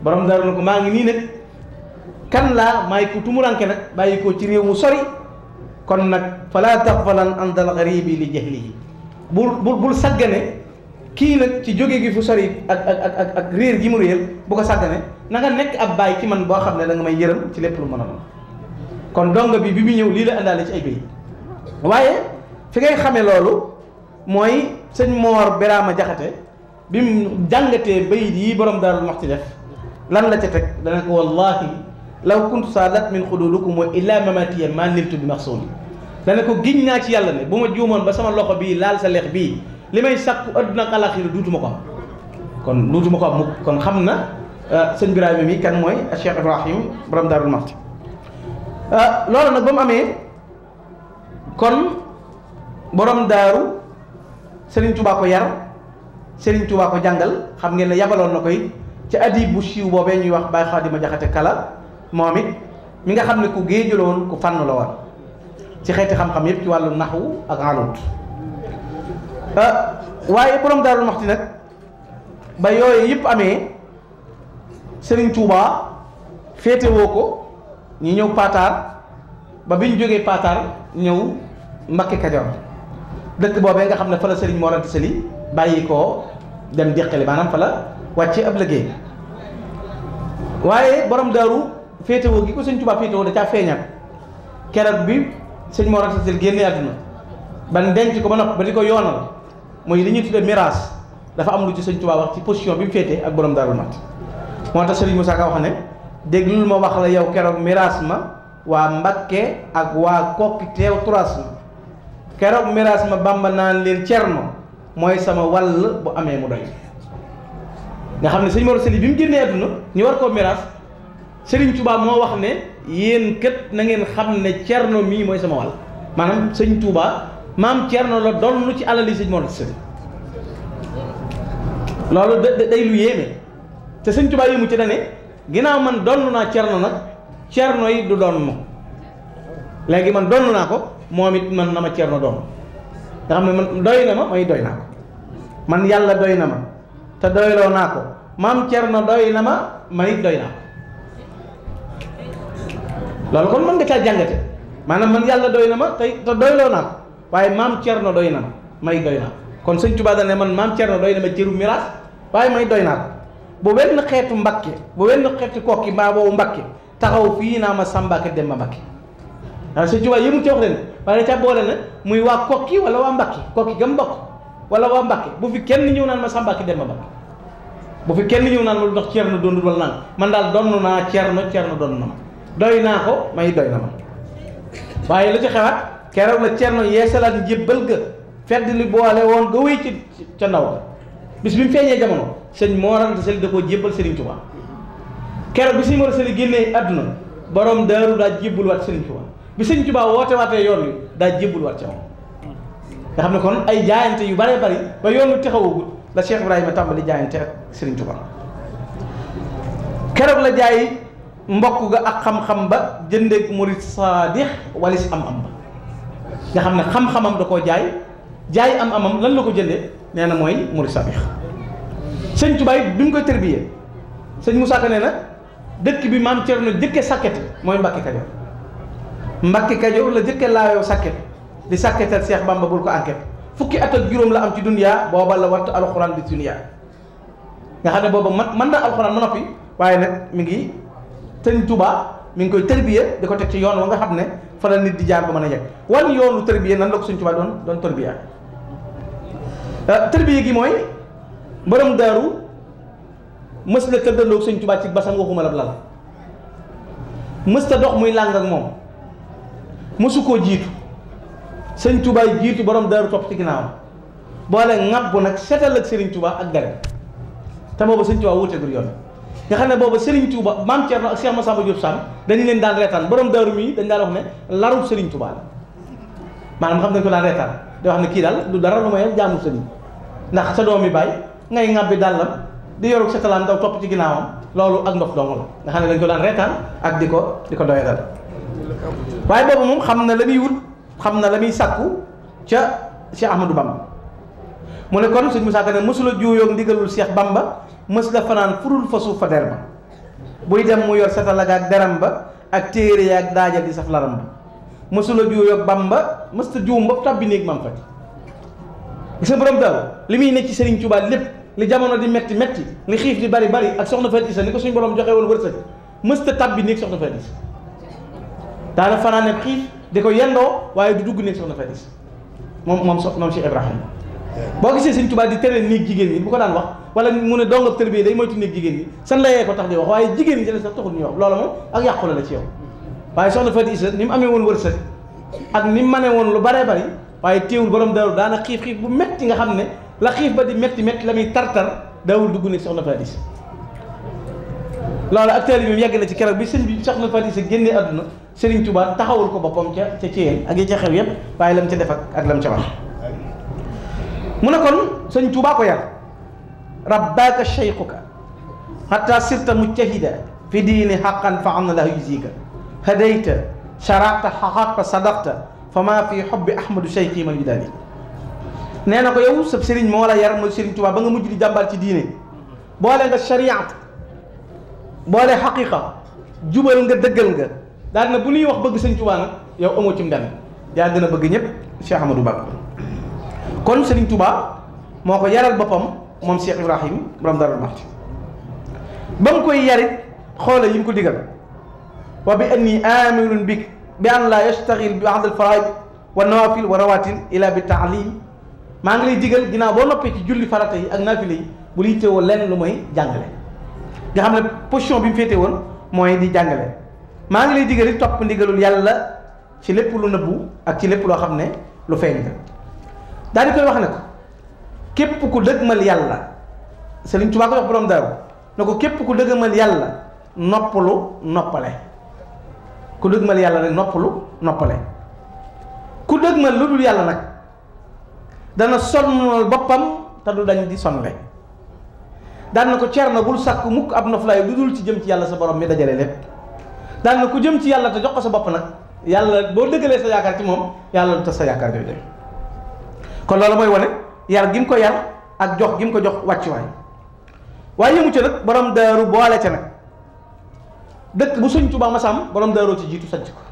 borom daaru na ko maa ngi nii nag kan laa maay ku tumuranke nag bàyyi ci réew mu sori kon nag fala taxfalan andal garibi li jahlihi bul bul bul saggane kii nag ci jóge gi fu sori ak ak ak ak réer gi mu réer bu ko sàggane na nekk ab baay ci man boo xam ne da may yërëm ci lépp lu mën a mën kon donga bi bi mu ñëw lii la indaale ci ay bay waaye fi ngay xamee loolu mooy sëñ Moor Biraama Jaxate bi mu jàngatee bayit yi borom daarul wax ci def lan la ca teg dana ko wallahi law kuntu saadat min xudulukum wa illa mamatiya ma niltu bi maxsuumi dana ko giñ naa ci yàlla ne bu ma juumoon ba sama loxo bii laal sa leex bii li may sàkku adduna alaxira duutuma ko am kon duutuma ko am mukk kon xam na euh, sëñ Birahima mi kan mooy Cheikh Ibrahim borom daarul maxti euh, loolu nag ba mu amee kon borom daaru Sëriñ Tuubaa ko yar Serigne Touba ko jàngal xam ngeen ne yabaloon na koy ci adib bu siiw boobee ñuy wax di ma Jaxate Kala moom it mi nga xam ne ku géeju la woon ku fànn la woon ci xeeti xam-xam yëpp ci wàllu naxwu ak alut euh, waaye borom Daaru Muxti nag ba yooyu yëpp amee sëriñ Touba féetewoo ko ñu ñëw Pataar ba bi ñu jógee Pataar ñëw Mbakke Kajoor dëkk boobee nga xam ne fa la Serigne Mor Anta Sali bàyyi ko dem déqale maanaam fa la wàcce ab liggéey waaye borom daaru féetewoo gi ko sëñ Tuubaa féetewoo da ca feeñal keroog bi sëñ moo Anta Sali génne àdduna ban denc ko ba noppi ba di ko yoonal mooy li ñuy tuddee miraas dafa am lu ci sëñ Tuubaa wax ci position bi mu féete ak borom daaru mat moo tax Sëriñ Moussa Ka wax ne déglul ma wax la yow keroog miraas ma waa Mbakke ak waa Kokki teew turaas ma keroog miraas ma Bàmba naan leen cerno mooy sama wàll bu amee mu doy nga xam ne sëñ Mor Sali bi mu génnee àdduna ñu war koo miraas Sëriñ Touba moo wax ne yéen kët na ngeen xam ne cerno mii mooy sama wàll maanaam sëñ Touba maam cerno la donn ci alal yi sëñ Mor Sali loolu dë lu yéeme te sëñ Touba yi mu ci dane ginnaaw man donn naa cerno nag cerno du donn léegi man donn naa ko moom it man na ma cerno doon nga xam ne man doy na ma mooy doy naa ko man yàlla doy na ma te doyloo naa ko maam Cerno doy na ma may doy naa ko loolu kon mën nga caa jàngate maanaam man yàlla doy na ma tey te doyloo naa ko waaye maam na ma may doy naa ko kon sëñ Tuubaa dana ne man maam na doy na ma cëru miraas waaye may doy naa ko bu wenn xeetu mbakke bu wenn xeetu kokki mbaa boobu mbakke taxaw fii naa ma sàmbaaka dem ma mbakke waaye sëñ Tuubaa yëmu ci wax leen waaye ca boole na muy waa kokki wala waa mbakki kokki gam mbokk wala waa mbakki bu fi kenn ñëw naan ma sa dem ma mbakki bu fi kenn ñëw naan ma lu tax ceerno dondul wala naan man daal donn naa ceerno ceerno donn na ma doy naa ko may doy na ma waaye lu ci xewaat keroog la ceerno yeesalaat njébbal ga fedd li boole woon ga ci ca ndaw ga bis bi mu feeñee jamono sëñ moorante sëli da koo jébbal Sëriñ Tuubaa keroog bu sëñ moorante sëli génnee àdduna borom daaru daa jébbal bi sëñ Tuubaa woote waatee yoon wi daa jébbul waat ca moom nga xam ne kon ay jaayante yu baree bari ba yoon wi taxawagul la Cheikh Ibrahima tàmbali jaayante ak Serigne Touba keroog la jaay mbokk ga ak xam-xam ba jëndeeg murid saadix walis am-am ba nga xam ne xam-xamam da koo jaay jaay am-amam lan la ko jëndee nee na mooy murid saadix sëñ Touba it bi mu koy tërbiyee sëñ Moussa Ka nee na dëkk bi maam Thierno jëkke sàkkete mooy Mbàkke Kajoor Mbàkke Kajoor la jëkke laayoo sàkket di sàkketal Seex Bàmba bul ko enquête fukki at ak juróom la am ci duniyaa boobal la wattu alxuraan bi duniyaa nga xam ne booba man mën na alxuraan ma noppi waaye nag mi ngi sëñ tubaa mu ngi koy tërbiye di ko teg ci yoon wa nga xam ne fa la nit di jaar ba mën a yegg wan yoonu tërbiye nan la ko sëñ Tuubaa doon doon tërbiya euh, tërbiye gi mooy borom daaru mës la tëddandoog sëñ Tuubaa ci basam waxuma la lal mës ta dox muy làng ak mësu koo jiitu sëñ tubaay jiitu borom daaru topp ci ginnaawam boole ŋàbbu nag seetal ak sëriñ Touba ak gare te booba sëñ Touba wuuteegul yoon nga xam ne boobu sëriñ Touba maam Thierno ak Cheikh Massamba Diop Sam dañu leen daan reetaan borom daaru mii dañ daan wax ne larub sëriñ Touba xam dañ ko daan reetaan di ne kii daal du dara lu may jaamu sëriñ ndax sa doom yi bàyyi ngay daal dàllam di yoru setalaam daw topp ci ginnaawam loolu ak ndox dong la nga xam ne dañ ko daan reetaan ak di ko di ko doyadal waaye boobu moom xam na la muy wut xam na la muy sàkku ca Cheikh Ahmadou Bamba mu ne kon sëñ Moussa Ka ne mësula juuyoog ndigalul Cheikh Bamba mës la fanaan furul fa suuf fa der ba buy dem mu yor satalaga ak deram ba ak téere ya ak daajal di saf laram ba mësula juuyoog Bamba mësta juum ba tàbbi néeg mam fa gis nga borom daal li muy nekk ci Serigne Touba lépp li jamono di metti metti li xiif di bari bari ak soxna Fatou Issa ni ko suñ borom joxe woon wërsëg mësta tàbbi néeg soxna Fatou Issa daana fanaane xiif di ko yendoo waaye du dugg néeg soxna Fatis moom moom so moom Cheikh Ibrahima boo gisee sëñ Tuubaa di tere néeg jigéen ñi bu ko daan wax wala mu ne dongab tërbiye day moytu néeg jigéen ñi san la yee ko tax di wax waaye jigéen ñi ci sax taxul ñu wax loola moom ak yàqule la ci yow waaye soxna Fatis ni mu amee woon wërsëg ak ni mu mënee woon lu bare bari waaye téewul borom daru daana xiif xiif bu metti nga xam ne la xiif ba di metti metti la muy tartar daawul dugg néeg soxna Fatis loolu ak taalibe bi yàgg na ci keroog bi sëñ bi soxna Faty Isseu génnee àdduna Sëriñ Tuubaa taxawul ko boppam ca ca Thièyène ak yi ca xew yépp waaye lam ca def ak ak lam ca wax mu ne kon sëñ Tuubaa ko yar rabbaaka shaykhuka hatta sirta mujtahida fi diini haqqan fa anna lahu yuzika hadayta sharaqta haqaqta sadaqta fa ma fi hubbi ahmadu shaykhi man yudali nee na ko yow sab sëriñ moo wala yar ma Sëriñ Tuubaa ba nga mujj di jàmbaar ci diine boole nga shariat boole dee jubal nga dëggal nga daal na bu ñuy wax bëgg sëñ Tuubaa nag yow amoo ci mbenn yaa gën a bëgg ñëpp Cheikh Amadou Bamba kon sëriñ Tuubaa moo ko yaral boppam moom Cheikh Ibrahim borom Darou Mouhty ba mu koy yarit xoole yi mu ko digal wa bi anni aminun bik bi an la yastaxil bi ba'd al-faraid wa nawafil wa rawatin ila bi taalim maa ngi lay digal dinaa boo noppee ci julli farata yi ak naafile yi bu liy teewoo lenn lu may jàngale nga xam ne position bi mu féete woon mooy di jàngale maa ngi lay digal topp ndigalul yàlla ci lépp lu nëbbu ak ci lépp loo xam ne lu feeñ la daal di koy wax ne ko képp ku dëgmal yàlla Sëriñ Tuubaa ko wax borom daaru ne ko képp ku dëgg dëgmal yàlla noppalu noppale ku dëgmal yàlla rek noppalu noppale ku dëgmal lu dul yàlla nag dana sonnal boppam te du dañ di sonle daan na ko ceer na bul sàkk mukk ab noflaay lu dul ci jëm ci yàlla sa borom mi dajale lépp daan na ko jëm ci yàlla te jox ko sa bopp nag yàlla boo dëggalee sa yaakaar ci moom yàlla du tas sa yaakaar jooju kon loolu mooy wane yar gi mu ko yar ak jox gi mu ko jox wàccuwaay waaye yëmu ca nag borom daaru boole ca nag dëkk bu sëñ Tuubaa masam borom daaroo ci jiitu ci ko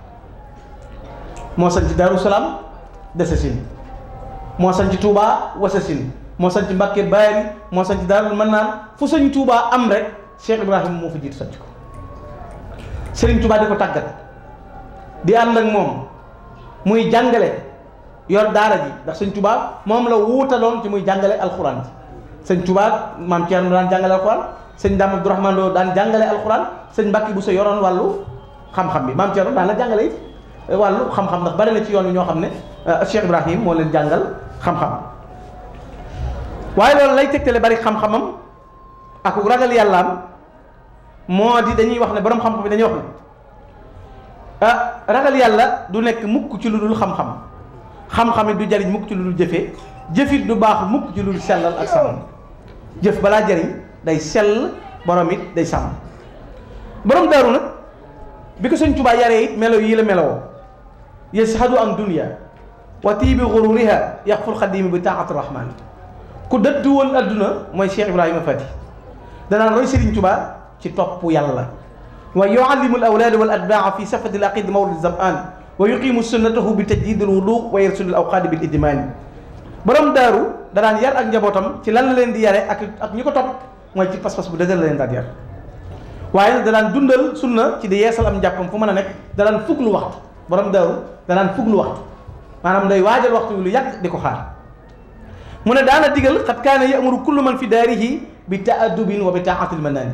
moo sanc ci salaam dese sin moo sanc Tuubaa wasa sin moo sanc Mbàkke Baari moo sanc Daarul Mannaan fu sëñ Touba am rek Cheikh Ibrahima moo fa jiitu sanc ko sëriñ Touba di ko tàggat di ànd ak moom muy jàngale yor daara ji ndax sëñ Touba moom la wuutaloon ci muy jàngale alxuraan ji sëñ Touba maam Thierno daan jàngale alxuraan sëñ Dame Abdourahmane Lo daan jàngale alxuraan sëñ Mbàkke bu sa yoroon wàllu xam-xam bi maam Thierno daan la jàngale it wàllu xam-xam ndax bari na ci yoon wi ñoo xam ne euh, Cheikh Ibrahim moo leen jàngal xam-xam. waaye loolu lay tegtale bari xam-xamam ak ragal yàllaam moo di dañuy wax ne boroom xam-xam bi dañuy wax ne ah, ragal yàlla du nekk mukk ci lu dul xam-xam xam-xam du jariñ mukk ci lu dul jëfee jëfit du baax mukk ci lu dul sellal ak sàmm jëf balaa jariñ day sell borom it day sàmm borom daaru nag bi ko sëñ Tuubaa yaree it melo yii la meloo yashadu an dunya wa tii bi xururiha yaxful xadimi bi taaxatu rahmaan ku dëddu woon adduna mooy Cheikh Ibrahima Fati danaan roy Serigne Touba ci topp yàlla wa yuallimu al awlaada wal atbaa fi safati al aqid mawlid zamaan wa yuqimu sunnatahu bi tajdid al wudu wa yarsulu al awqaadi bil idmaan borom daaru danaan yar ak njabootam ci lan la leen di yare ak ak ñi ko topp mooy ci pas-pas bu dëgër la leen daan yar waaye nag danaan dundal sunna ci di yeesal am njàppam fu mën a nekk danaan fuglu waxtu borom daaru danaan fuglu waxtu maanaam day waajal waxtu wi lu yàgg di ko xaar mu ne daana digal xat kaana yamuru kullu man fi daarihi bi taadubin wa bi taatil manaani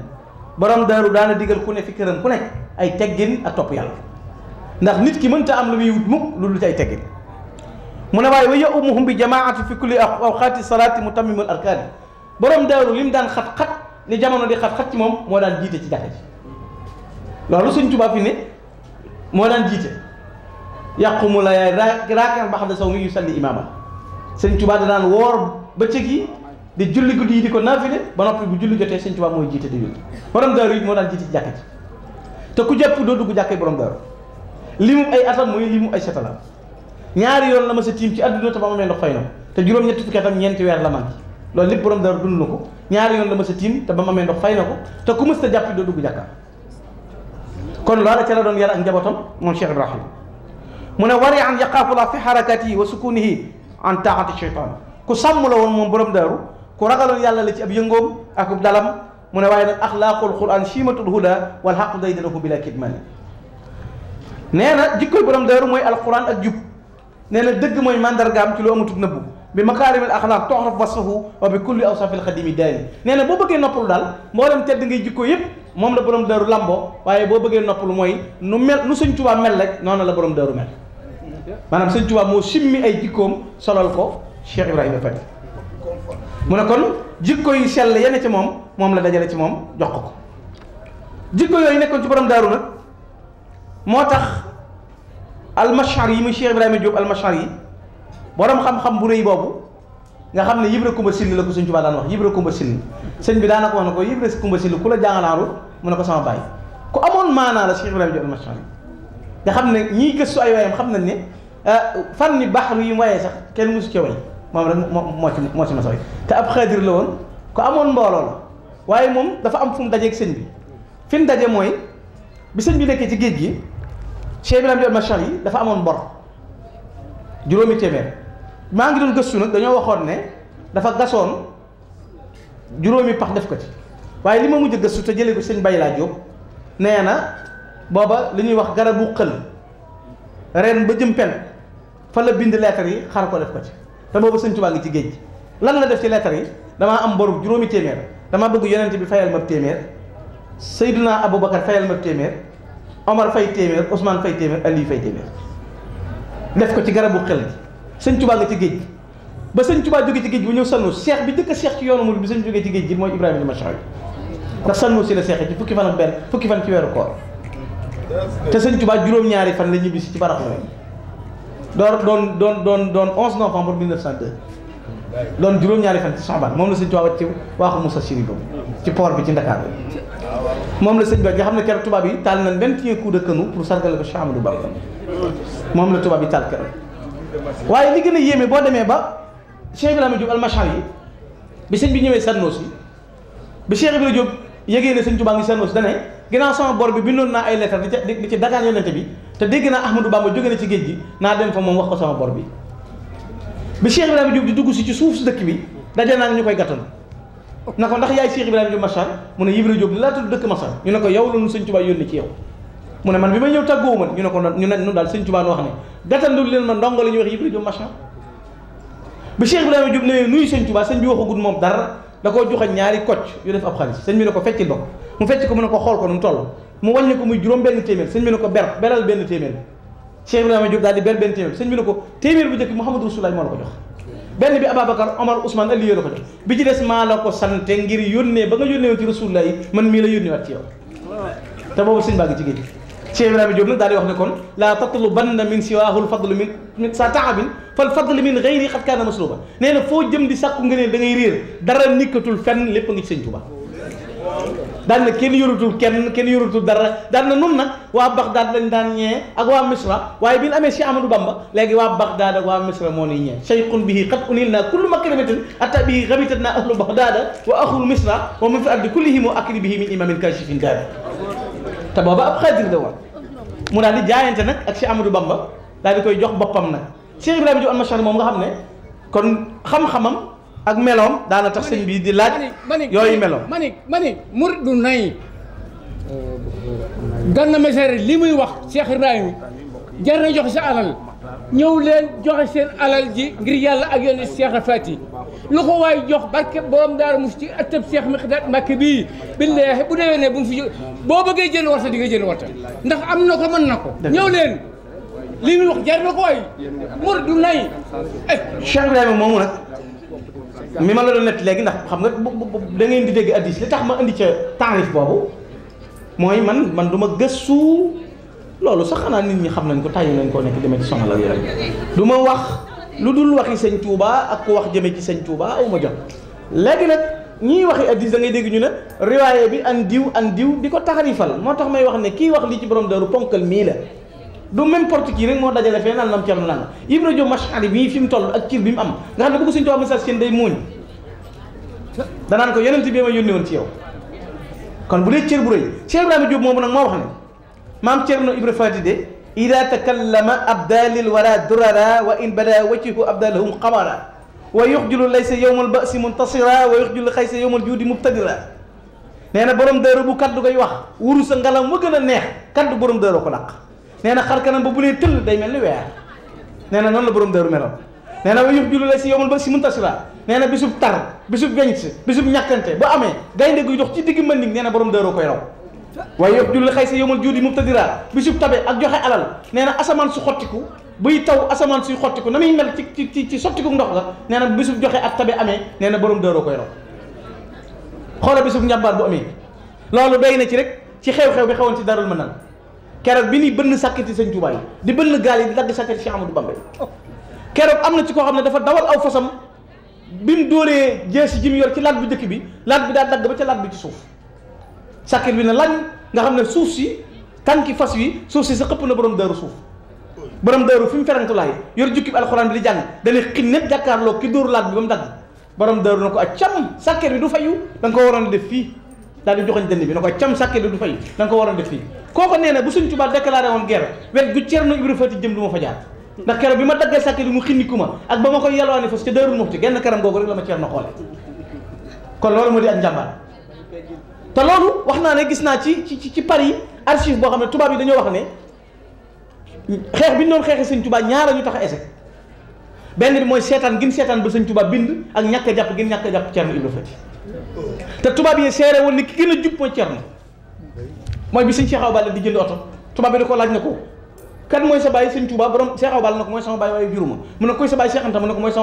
borom daaru daana digal ku ne fi këram ku nekk ay teggin ak topp yàlla ndax nit ki mënta am lu muy wut mukk lu lu ci ay teggin mu ne waaye wa yaumuhum bi jamaati fi kulli awqaati salaati mutammimul arkaani borom daaru li daan xat-xat ni jamono di xat-xat ci moom moo daan jiite ci jàkka ji loolu suñ tubaab fi ne moo daan jiite yaqumu la yaay raakan baxda saw mi sëñ Tuubaa da daan woor bëccëg yi di julli guddi yi di ko naafile ba noppi bu julli jotee sëñ Tuubaa mooy jiite di julli borom daaru yi moo daan jiite ci jàkka ji te ku jàpp doo dugg jàkkay borom daaru li mu ay atam mooy li mu ay setalam ñaari yoon la ma sa tiim ci àdduna te ba ma mel ne xëy na te juróom-ñetti fukki atam ñeenti weer la man loolu lépp borom daaru dund na ko ñaari yoon la ma sa tiim te ba ma amee ndox fay ko te ku mës ta jàp doo dugg jàkka kon loola ca la njabootam moom Cheikh Ibrahim mu en taxati cheytaan ku sàmm la woon moom borom daaru ku ragaloon yàlla la ci ab yëngoom ak dalam mu ne waaye nag axlaaqul quran siimatul huda wal xaqu day dinaku bila kidmani na jikkoy borom daaru mooy alquran ak jub nee na dëgg mooy mandargaam ci lu amatul nëbbu bi makaarimil axlaaq toxraf wasfahu wa bi kulli awsafil xadimi daani nee na boo bëggee noppalu daal moo mboolem tedd ngay jikko yëpp moom la borom daaru lambo waaye boo bëggee noppalu mooy nu mel nu Sëñ Tuubaa mel rek noonu la borom daaru maanaam sëñ Tuubaa moo simmi ay jikkoom solal ko Cheikh Ibrahima Fati mu ne kon jikko yu sell yenn ci moom moom la dajale ci moom jox ko ko jikko yooyu nekkoon ci borom daaru nag moo tax almashar yi muy Cheikh Ibrahima Diop almashar yi borom xam-xam bu rëy boobu nga xam ne yibra kumba silli la ko sëñ Tuubaa daan wax yibra kumba silli sëñ bi daanaka wax ko yibra kumba silli ku la jàngalaaru mu ne ko sama bàyyi ku amoon maanaa la Cheikh Ibrahima yi xam ne ñiy gëstu ay waayam xam nañ ne Euh, fan ni baxaru yi mu sax kenn musu ca way moom rek moo ci moo ci ma sooy te ab xaadir la woon ko amoon mbooloo la waaye moom dafa am fu mu dajeeg sëñ bi fin daje mooy bi sëñ bi nekkee ci géej gi Cheikh Ibrahima Diop Machal yi dafa amoon bor juróomi téeméer maa ngi doon gëstu nag dañoo waxoon ne dafa gasoon juróomi pax def ko ci waaye li ma mujj gëstu te jëlee ko sëñ Baye laa Diop nee na booba li ñuy wax garabu xël ren ba jëm pen fan la bind lettre yi xar ko def ko ci te boobu sëñ Tuubaa ngi ci géej lan la def ci lettre yi damaa am boru juróomi téeméer damaa bëgg yonent bi fayal ma téeméer Seydina Aboubacar fayal ma téeméer Omar fay téeméer Ousmane fay téeméer Aliou fay téeméer def ko ci garabu xel gi sëñ Tuubaa ci géej gi ba ci géej bu ñëw sannu seex bi dëkk seex ci yoonu bi sëñ ci géej gi mooy Ibrahima di Machar bi ndax sannu si la seexee ci fukki fan fukki fan ci weeru koor te juróom-ñaari fan la ñibbisi ci baraxlu door doon doon doon doon 11 novembre 1902 doon juróom-ñaari fan ci Soxbaan moom la sëñ Tuubaa ci waaxu Moussa Chiri boobu ci port bi ci Ndakaar moom la sëñ Ba nga xam ne keroog tubaab yi taal nañ benn kii de canon pour sargale ko moom la tubaab yi taal keroog waaye li gën a yéeme boo demee ba Cheikh Ibrahima Diop almachar yi bi sëñ bi ñëwee Sannoos yi bi Cheikh Ibrahima Diop yëgee ne sëñ Tuubaa ngi Sannoos dane ginnaaw sama bor bi bindoon naa ay lettre di ci di ci dagaan bi te dégg naa Ahmadou Bamba jóge na ci géej gi naa dem fa moom wax ko sama bor bi bi Cheikh Ibrahima Diop di dugg si ci suuf si dëkk bi daje naa ñu koy gàttal na ko ndax yaay Cheikh Ibrahima Diop Massar mu ne Ibrahima Diop laa tudd dëkk ñu ne ko yow la ñu sëñ Tuubaa yónni ci yow mu ne man bi may ñëw tàggoo man ñu ne ko ñu ne ñu daal sëñ Tuubaa wax ne gàttandul leen ma ndongo la ñuy wax Ibrahima Diop Massar bi Cheikh Ibrahima Diop ne nuyu sëñ Tuubaa sëñ bi waxagut moom dara da koo joxe ñaari kocc yu def ab xaalis sëñ bi ne ko feccil ba ko mu fecc ko mu ne ko xool ko nu mu mu wàññi ko muy juróom benn téeméer sëñ bi ne ko ber beral benn téeméer Cheikh Ibrahima Diop daal di ber benn téeméer sëñ bi ne ko téeméer bu njëkk Mouhamadou Rasulullah moo la ko jox benn bi Ababacar Omar Ousmane Aliou la ko jox bi ci des maa la ko sante ngir yónnee ba nga yónnee woon ci man mii la yónnee waat ci yow te boobu sëñ baa ngi ci géej Cheikh nag daal di wax ne kon laa tatlubanna min siwaahul fadl min min sa taabin fal fadl min gayri xat kaana masluba nee na foo jëm di sàkku ngëneel da ngay réer dara nikkatul lépp ngi ci sëñ daan na kenn yorutul kenn kenn yorutul dara daan na nun nag waa Baxdaad lañ daan ñee ak waa Misra waaye bi ñu amee si Amadou Bamba léegi waa Baxdaad ak waa Misra moo nuy ñee cheikhun bihi qad unil naa kullu makramatin atta bihi rabitat te booba ab xaadir la woon mu daal di jaayante nag ak Cheikh Amadou Bamba daal di koy jox boppam nag Cheikh Ibrahima Diop al Machar moom nga xam ne kon xam-xamam ak meloom daana tax sëñ bii di laaj yooyu meloom ma ni ma ni murid du nay Gana Messere li muy wax Cheikh Ibrahima jar na joxe sa alal ñëw leen joxe seen alal ji ngir yàlla ak yoon Cheikh Rafati lu ko waay jox barke borom daara mus ci ëttëb Cheikh Miqdaad Mbakke bii billaahi bu dee ne bu mu fi jóg boo bëggee jënd warta di nga jën warta ndax am na ko mën na ko ñëw li muy wax jar na ko waay mur du nay Cheikh Ibrahima moomu nag mi ma la doon nett léegi ndax xam nga da ngeen di dégg addis li tax ma indi ca taarif boobu mooy man man duma ma gëstu loolu sax xanaa nit ñi xam nañ ko tàyyi nañ koo nekk demee ci la yooyu du ma wax lu dul waxi sëñ Touba ak ku wax jëmee ci sëñ Touba aw ma jot léegi nag ñiy waxi addis da ngay dégg ñu ne riwaaye bi an diw an diw di ko taxarifal moo tax may wax ne kii wax lii ci borom daru ponkal mii la du n'importe qui rek moo dajale fee naan la am Thierno naan Ibra Diop Machadi bii fi mu toll ak cir bi mu am nga xam ne bu ko suñu tubaab message seen day muuñ danaan ko yonent bi ma yónni woon ci yow kon bu dee cër bu rëy Cheikh Ibrahima Diop moomu nag moo wax ne maam Thierno Ibra Fati de ida takallama abdalil wara durara wa in bada wajhu abdalahum xamara wa yuxjulu laysa yowmal basi muntasira wa yuxjulu xaysa yowmal juudi mubtadira nee na borom dëru bu kaddu koy wax wuru sa ngalam mu gën a neex kaddu borom dëru ko làq nee na xar kanam ba bu nee tëll day mel ni weer nee na noonu la borom daaru melo nee na wa yux julu la si yomul ba si muntasila nee na bisub tar bisub wenc bisub ñàkkante bu amee gaynde guy dox ci digg mën nig nee na borom daaru koy raw waaye yëpp julli xay sa yomal juudi mubtadira bisub tabe ak joxe alal nee na asamaan su xottiku buy taw asamaan suy xottiku na muy mel ci ci ci sottiku ndox la nee na bisub joxe ak tabe amee nee na borom dëroo koy raw xoola bisub njàmbaar bu amee loolu doy na ci rek ci xew-xew bi xewoon ci darul manal keroog bi ni bënn sàkkiti sëñ Tuubaa yi di bënn gaal yi di dagg sàkkiti Cheikh Amadou Bamba keroog am na ci koo xam ne dafa dawal aw fasam bi mu dóoree jeesi ji mu yor ci laaj bu njëkk bi laaj bi daa dagg ba ca laaj bi ci suuf sàkkit bi na lañ nga xam ne suuf si tànki fas wi suuf si sa xëpp na borom daaru suuf borom daaru fi mu ferantulaay yor jukki bi alxuraan bi di jàng dana xin ñëpp jàkkaarloo ki dóoru laaj bi ba mu dagg borom daaru na ko ak cam sàkkit du fayu da nga ko waroon def fii daal di joxañ dënn bi na koy cam sàkke du fay da nga ko waroon def fii kooko nee na bu suñ Tuubaa déclaré woon guerre wet gu Cerno Ibra Faati jëm du ma ndax keroog bi ma daggee sàkke bi mu xinniku ak ba ma koy yalwaani fas ca Daaru Muxti genn karam googu rek la ma Cerno xoole kon loolu moo di ak njàmbaar te loolu wax naa ne gis naa ci ci ci Paris archive boo xam ne tubaab yi dañoo wax ne xeex bi ñu doon xeexee sëñ Tuubaa ñaara ñu tax a benn bi mooy seetaan gin seetaan ba sëñ Tuubaa bind ak ñàkk a jàpp gin ñàkk a jàpp Cerno te tubaab yi seere woon ni ki gën a jub mooy Cerno mooy bi sëñ Cheikh Awa di jënd oto tubaab bi da ko laaj na ko kan mooy sa bàyyi sëñ Touba borom Cheikh Awa na ko mooy sama bàyyi waayu juruma mu ne ko mooy sama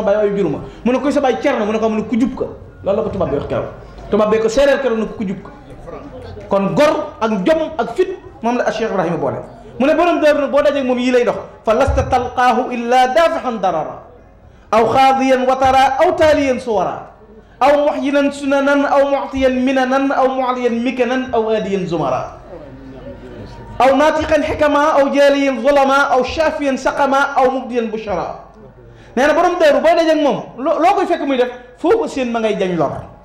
bàyyi waayu juruma koy sa bàyyi Cerno mu ne ko mu ne ku jub ka loolu la ko tubaab bi wax keroog tubaab bee ko seereel keroog na ko ku jub ka kon gor ak jom ak fit moom la Cheikh Ibrahima boole mu ne borom dër nag boo dajee moom yii lay dox fa lasta talqaahu illa daafixan darara aw xaadiyan watara aw taaliyan aw muhyinan sunanan aw mu'tiyan minanan aw mu'liyan mikanan aw aadiyan zumara aw naatiqan xikama aw jaaliyan zulama aw shafiyan saqama aw mubdiyan bushara nee na borom dëru boo dajee ak moom loo koy fekk muy def foo ko seen ma ngay jañ lor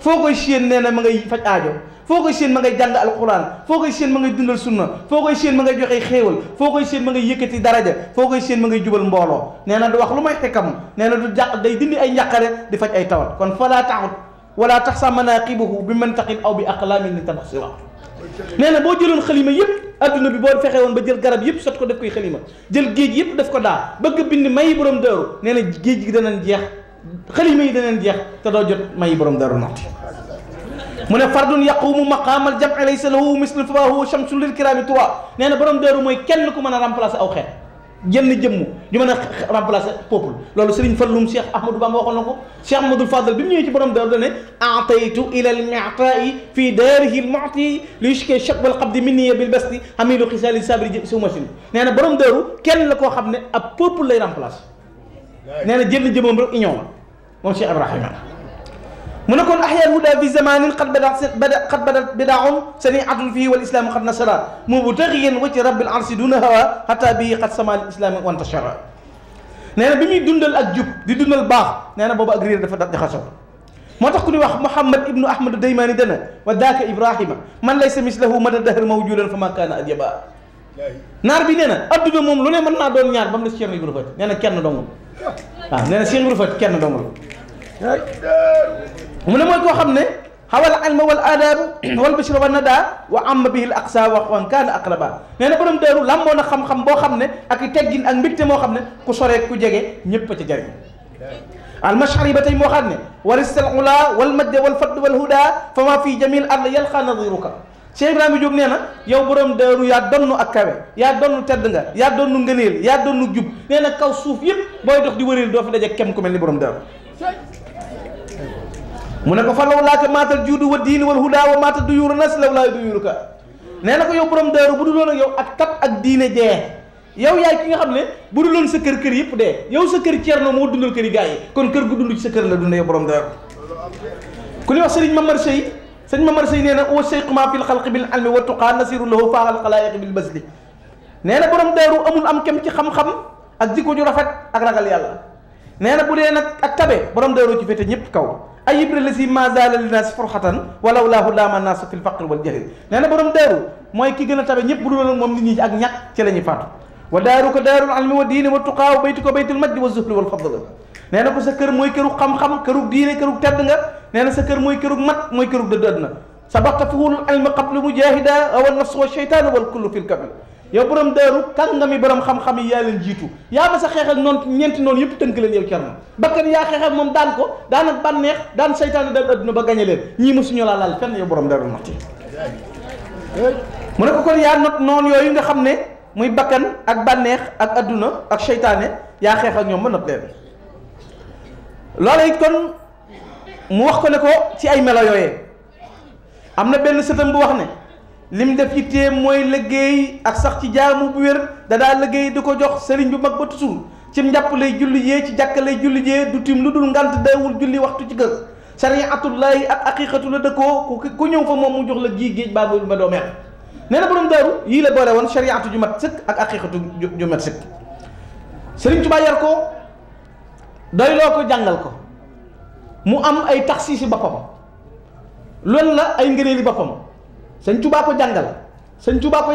foo koy séen nee na ma ngay faj aajo foo koy séen ma ngay jàng alquran foo koy séen ma ngay dundal sunna foo koy séen ma ngay joxe xéewal foo koy séen ma ngay yëkkati daraja foo koy séen ma ngay jubal mbooloo nee na du wax lu may xekam nee na du jàq day dindi ay njàqare di faj ay tawat kon falaa taxut wala tax sa manaqibuhu bi mantaqin aw bi aqlaamin ni tabax sira nee na boo jëloon xalima yëpp adduna bi boo fexe woon ba jël garab yëpp sot ko def koy xalima jël géej yëpp def ko daa bëgg bind may borom dëru nee na géej gi danañ jeex xalima yi daneen jeex te doo jot may borom Daaru Muxti mu ne fardun yaqumu maqaamal jam laysa lahu mislu fa huwa shamsul lil kiraami trois nee na borom daaru mooy kenn ku mën a remplacer aw xeet jënn jëmm ju mën a remplacer peuple loolu sëriñ Falloum Cheikh Ahmadou Bamba waxoon na ko Cheikh Ahmadou Fadal bi mu ñëwee ci borom daaru dane ataytu ila al mi'ta'i fi daarihi al mu'ti li yushki shab al qabdi minni bil basti hamilu xisali sabri su machine nee na borom daaru kenn la koo xam ne ab peuple lay remplacer nee na jënn jëmmam rek union la moom Cheikh Ibrahima mu ne kon ahyaan huda fi zamanin qad badat bada qad badat bidaahum saniatun fihi wal islamu qad nasara mubtaghiyan wajha rabbil arsi duna hawa hatta bi qad sama al islamu wa intashara nee na bi muy dundal ak jub di dundal baax nee na boobu ak réer dafa da jaxasoo moo tax ku ñuy wax Muhammad ibnu Ahmad Daymaani dana wa daaka Ibrahima man laysa mislahu mada dahr mawjudan fa ma kaana adyaba naar bi nee na adduna moom lu ne mën naa doon ñaar ba mu des Cheikh Ibrahima nee na kenn dongul waaw ah. nee na Cheikh Ibrahima Fall kenn dong la mu ne mooy koo xam ne xawal alma wal aadabu wal bishra wa nada wa amma bihi al aqsa wa wan kaana aqraba nee na borom daaru làmboo xam-xam boo xam ne ak teggin ak mbégte moo xam ne ku soree ku jege ñëpp a ca jariñ almashar yi ba tey moo xam ne warisal ula wal madde wal fadd wal huda fa ma fi jamil ard yalqa nadiruka Cheikh Ibrahima Diop nee na yow borom daaru yaa donnu yaa donnu tedd nga yaa donnu ngëneel yaa donnu jub nee na kaw suuf yëpp booy dox di wëreel doo fi daje kem ku mel ni borom daaru mu ne ko fa law laaka maatal juudu wa diin wa hudaa wa maatal du na nas law laa du yuuru ka nee na ko yow borom daaru bu du loon ak yow ak tab ak diine jee yow yaay ki nga xam ne bu du loon sa kër kër yëpp dee yow sa kër ceerno moo dundal kër yi gars yi kon kër gu dund ci sa kër la dund yow borom daaru ku ñuy wax sëriñ Mamar Sey sëriñ Mamar Sey nee na wa cheiquma fil xalqi bi almi wa tuqaa nasiru lahu faaxal xalaayiq bil basli nee na borom am ci xam ak jikko ju rafet ak ragal yàlla nee bu dee nag ak tabe borom daaroo ci féete ñëpp kaw ay ibra la si mazala linaasi furxatan walaw laahu laama naasu fil faqri wal jahri nee na borom daaru mooy ki gën a tabe ñëpp bu dul moom nit ñi ak ñàkk ci la faatu wa daaru ko daarul almi wa diini wa tuqaa baytu ko baytul majdi wa zuhli wal fadl nee na ko sa kër mooy këru xam-xam këru diine këru tedd nga nee na sa kër mooy këru mat mooy këru dëdd àdduna sabaqta fihul almi qablu mujahida awa yow borom daaru kàngami borom xam-xam yi yaa leen jiitu yaa ma sa xeex noon noonu ñeenti noonu yëpp tënk leen yow Cerno bakkan yaa xeex moom daan ko daan ak bànneex daan seytaane daan adduna ba gañe leen ñii mosuñu laa laal fenn yow borom daaru mati mu ne ko kon yaa not noonu yooyu nga xam ne muy bakkan ak bànneex ak adduna ak seytaane yaa xeex ak ñoom ba not leen loola it kon mu wax ko ne ko ci ay melo yooyee am na benn sëtam bu wax ne lim def itteem mooy liggéey ak sax ci jaamu bu wér da daa di ko jox sëriñ bu mag ba tusul ci njàpp lay julli yee ci jàkk lay julli yee du tim lu dul ngant dawul julli waxtu ci kër sariatullahi ak aqiqatu la dëkkoo ku ñëw fa moom mu jox la gii géej baabul ma nee na borom daaru yii la boole woon sariatu ju mat sëkk ak aqiqatu ju mat sëkk sëriñ Tuubaa yar ko doy loo ko jàngal ko mu am ay taxsiisi boppam loolu la ay ngëneeli boppam sëñ Touba ko jàngal sëñ Touba ko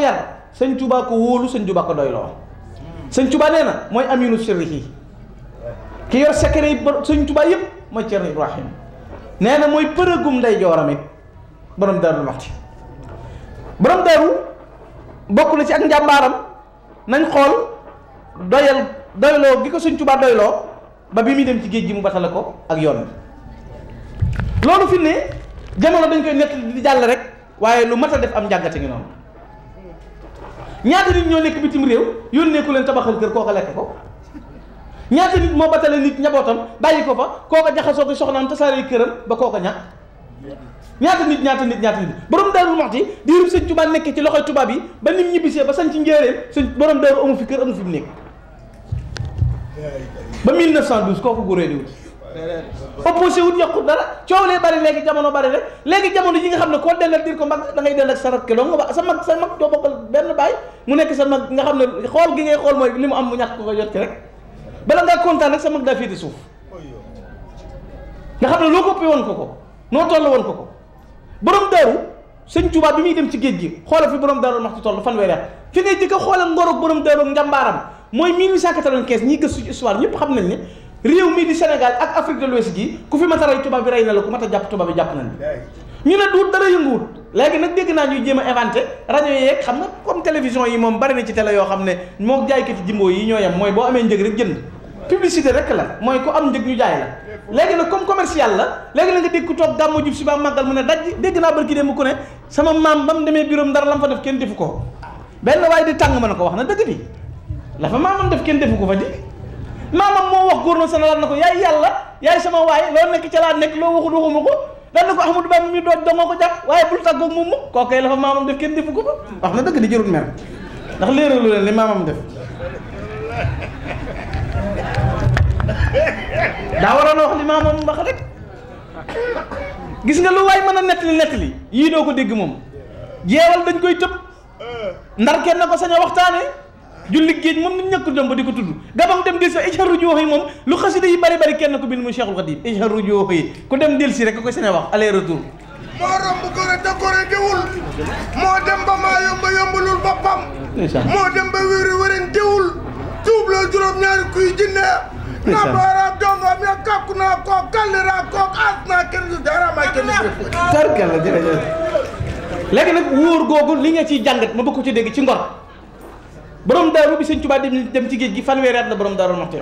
sëñ Touba ko wóolu sëñ Touba ko doyloo sëñ Touba nee na mooy aminu sirri yi ki yor secret yi sëñ Touba yëpp mooy Thierno Ibrahim nee na mooy përëgum nday jooram it borom daru waxti borom daru bokk na ci ak njàmbaaram nañ xool doyal doyloo gi ko sëñ Touba doyloo ba bi muy dem ci géej gi mu batale ko ak yoon bi loolu fi ne jamono dañ koy nett di jàll rek. waaye lu mat a def am njàngate ngi noonu ñaata nit ñoo nekk bitim réew yónnee ku leen tabaxal kër kooka lekk ko ñaata nit moo batale nit njabootam bàyyi ko fa kooka jaxasoo ko soxnaam tasaare këram ba kooka ñàkk ñaata nit ñaata nit ñaata nit borom daarul moxti diirub sëñ Tuubaa nekk ci loxoy tubaab yi ba nim ñibbisee ba sañ ci njéeréem sëñ borom daaru amu fi kër amu fi mu nekk ba 1912 kooku guree diwut opposé wut yokku dara coow lee bari léegi jamono bari rek léegi jamono yi nga xam ne koo dellal dir ko mag da ngay dell ak sa rakk dong nga ba sa mag sa mag doo bokkal benn baay mu nekk sa mag nga xam ne xool gi ngay xool mooy li mu am mu ñàkk ko jot ci rek bala ngaa kontaan rek sa mag daa fii suuf nga xam ne loo koppi woon ko ko noo toll woon ko ko borom daaru sëñ Tuubaa bi muy dem ci géej gi xoolal fi borom daaru wax ci toll fanweeri at a mooy 1895 ñii gëstu ci histoire xam nañ ne réew mii di Sénégal ak Afrique de gi ku fi mat a rey tubaab bi rey na la ku mat a jàpp tubaab bi jàpp nañ ñu ne duut dara yënguwut léegi nag dégg naa ñuy jéema a rajo yeeg xam nga comme télévision yi moom bari na ci télé yoo xam ne moo jaaykati jimbo yi ñoo yem mooy boo amee njëg rek jënd publicité rek la mooy ku am njëg ñu jaay la léegi nag comme commercial la léegi la nga dégg ku toog gàmmu jub si ba màggal mu ne daj dégg naa barki dem ku ne sama maam ba mu demee bureau dara la mu fa def kenn defu ko benn waaye di tàng mën na ko wax na dëgg bi la fa maamam def kenn defu ko fa maamam moo wax góor na sanalaat na ko yaay yàlla yaay sama waay loo nekk ca laa nekk loo waxut waxuma ko daan na ko Ahmadou Bamba mi dooj dongoo la fa maamam def kenn defu ko fa wax na dëgg di jërul mer ndax léeralu leen li maamam def daa waroon wax li maamam wax rek gis nga lu waay mën a nettali nettali yii doo ko dégg moom jeewal dañ koy tëb ndar kenn ko sañ julli géej moom nit ñàkk jom ba di ko tudd gabam dem delsi ijhar rujuux yi moom lu xasida yi bari bari kenn ko bind muy Cheikhul Khadim ijhar rujuux yi ku dem delsi rek ko seen wax aller moo romb ko rek da ko rejewul moo dem ba maa yomba yombalul boppam moo dem ba wéri wéren jewul tuub loo juróom ñaari kuy jinne naa baaraam dongam ya kàkku naa kook kalliraa kook as naa kenn du dara maa kenn tarkal la jërëjëf léegi nag wóor googu li nga ciy jàngat ma bëgg ko ci dégg ci ngor borom daaru bi sëñ Tuubaa dem dem ci géej gi fanweeri at na borom daaru Muxti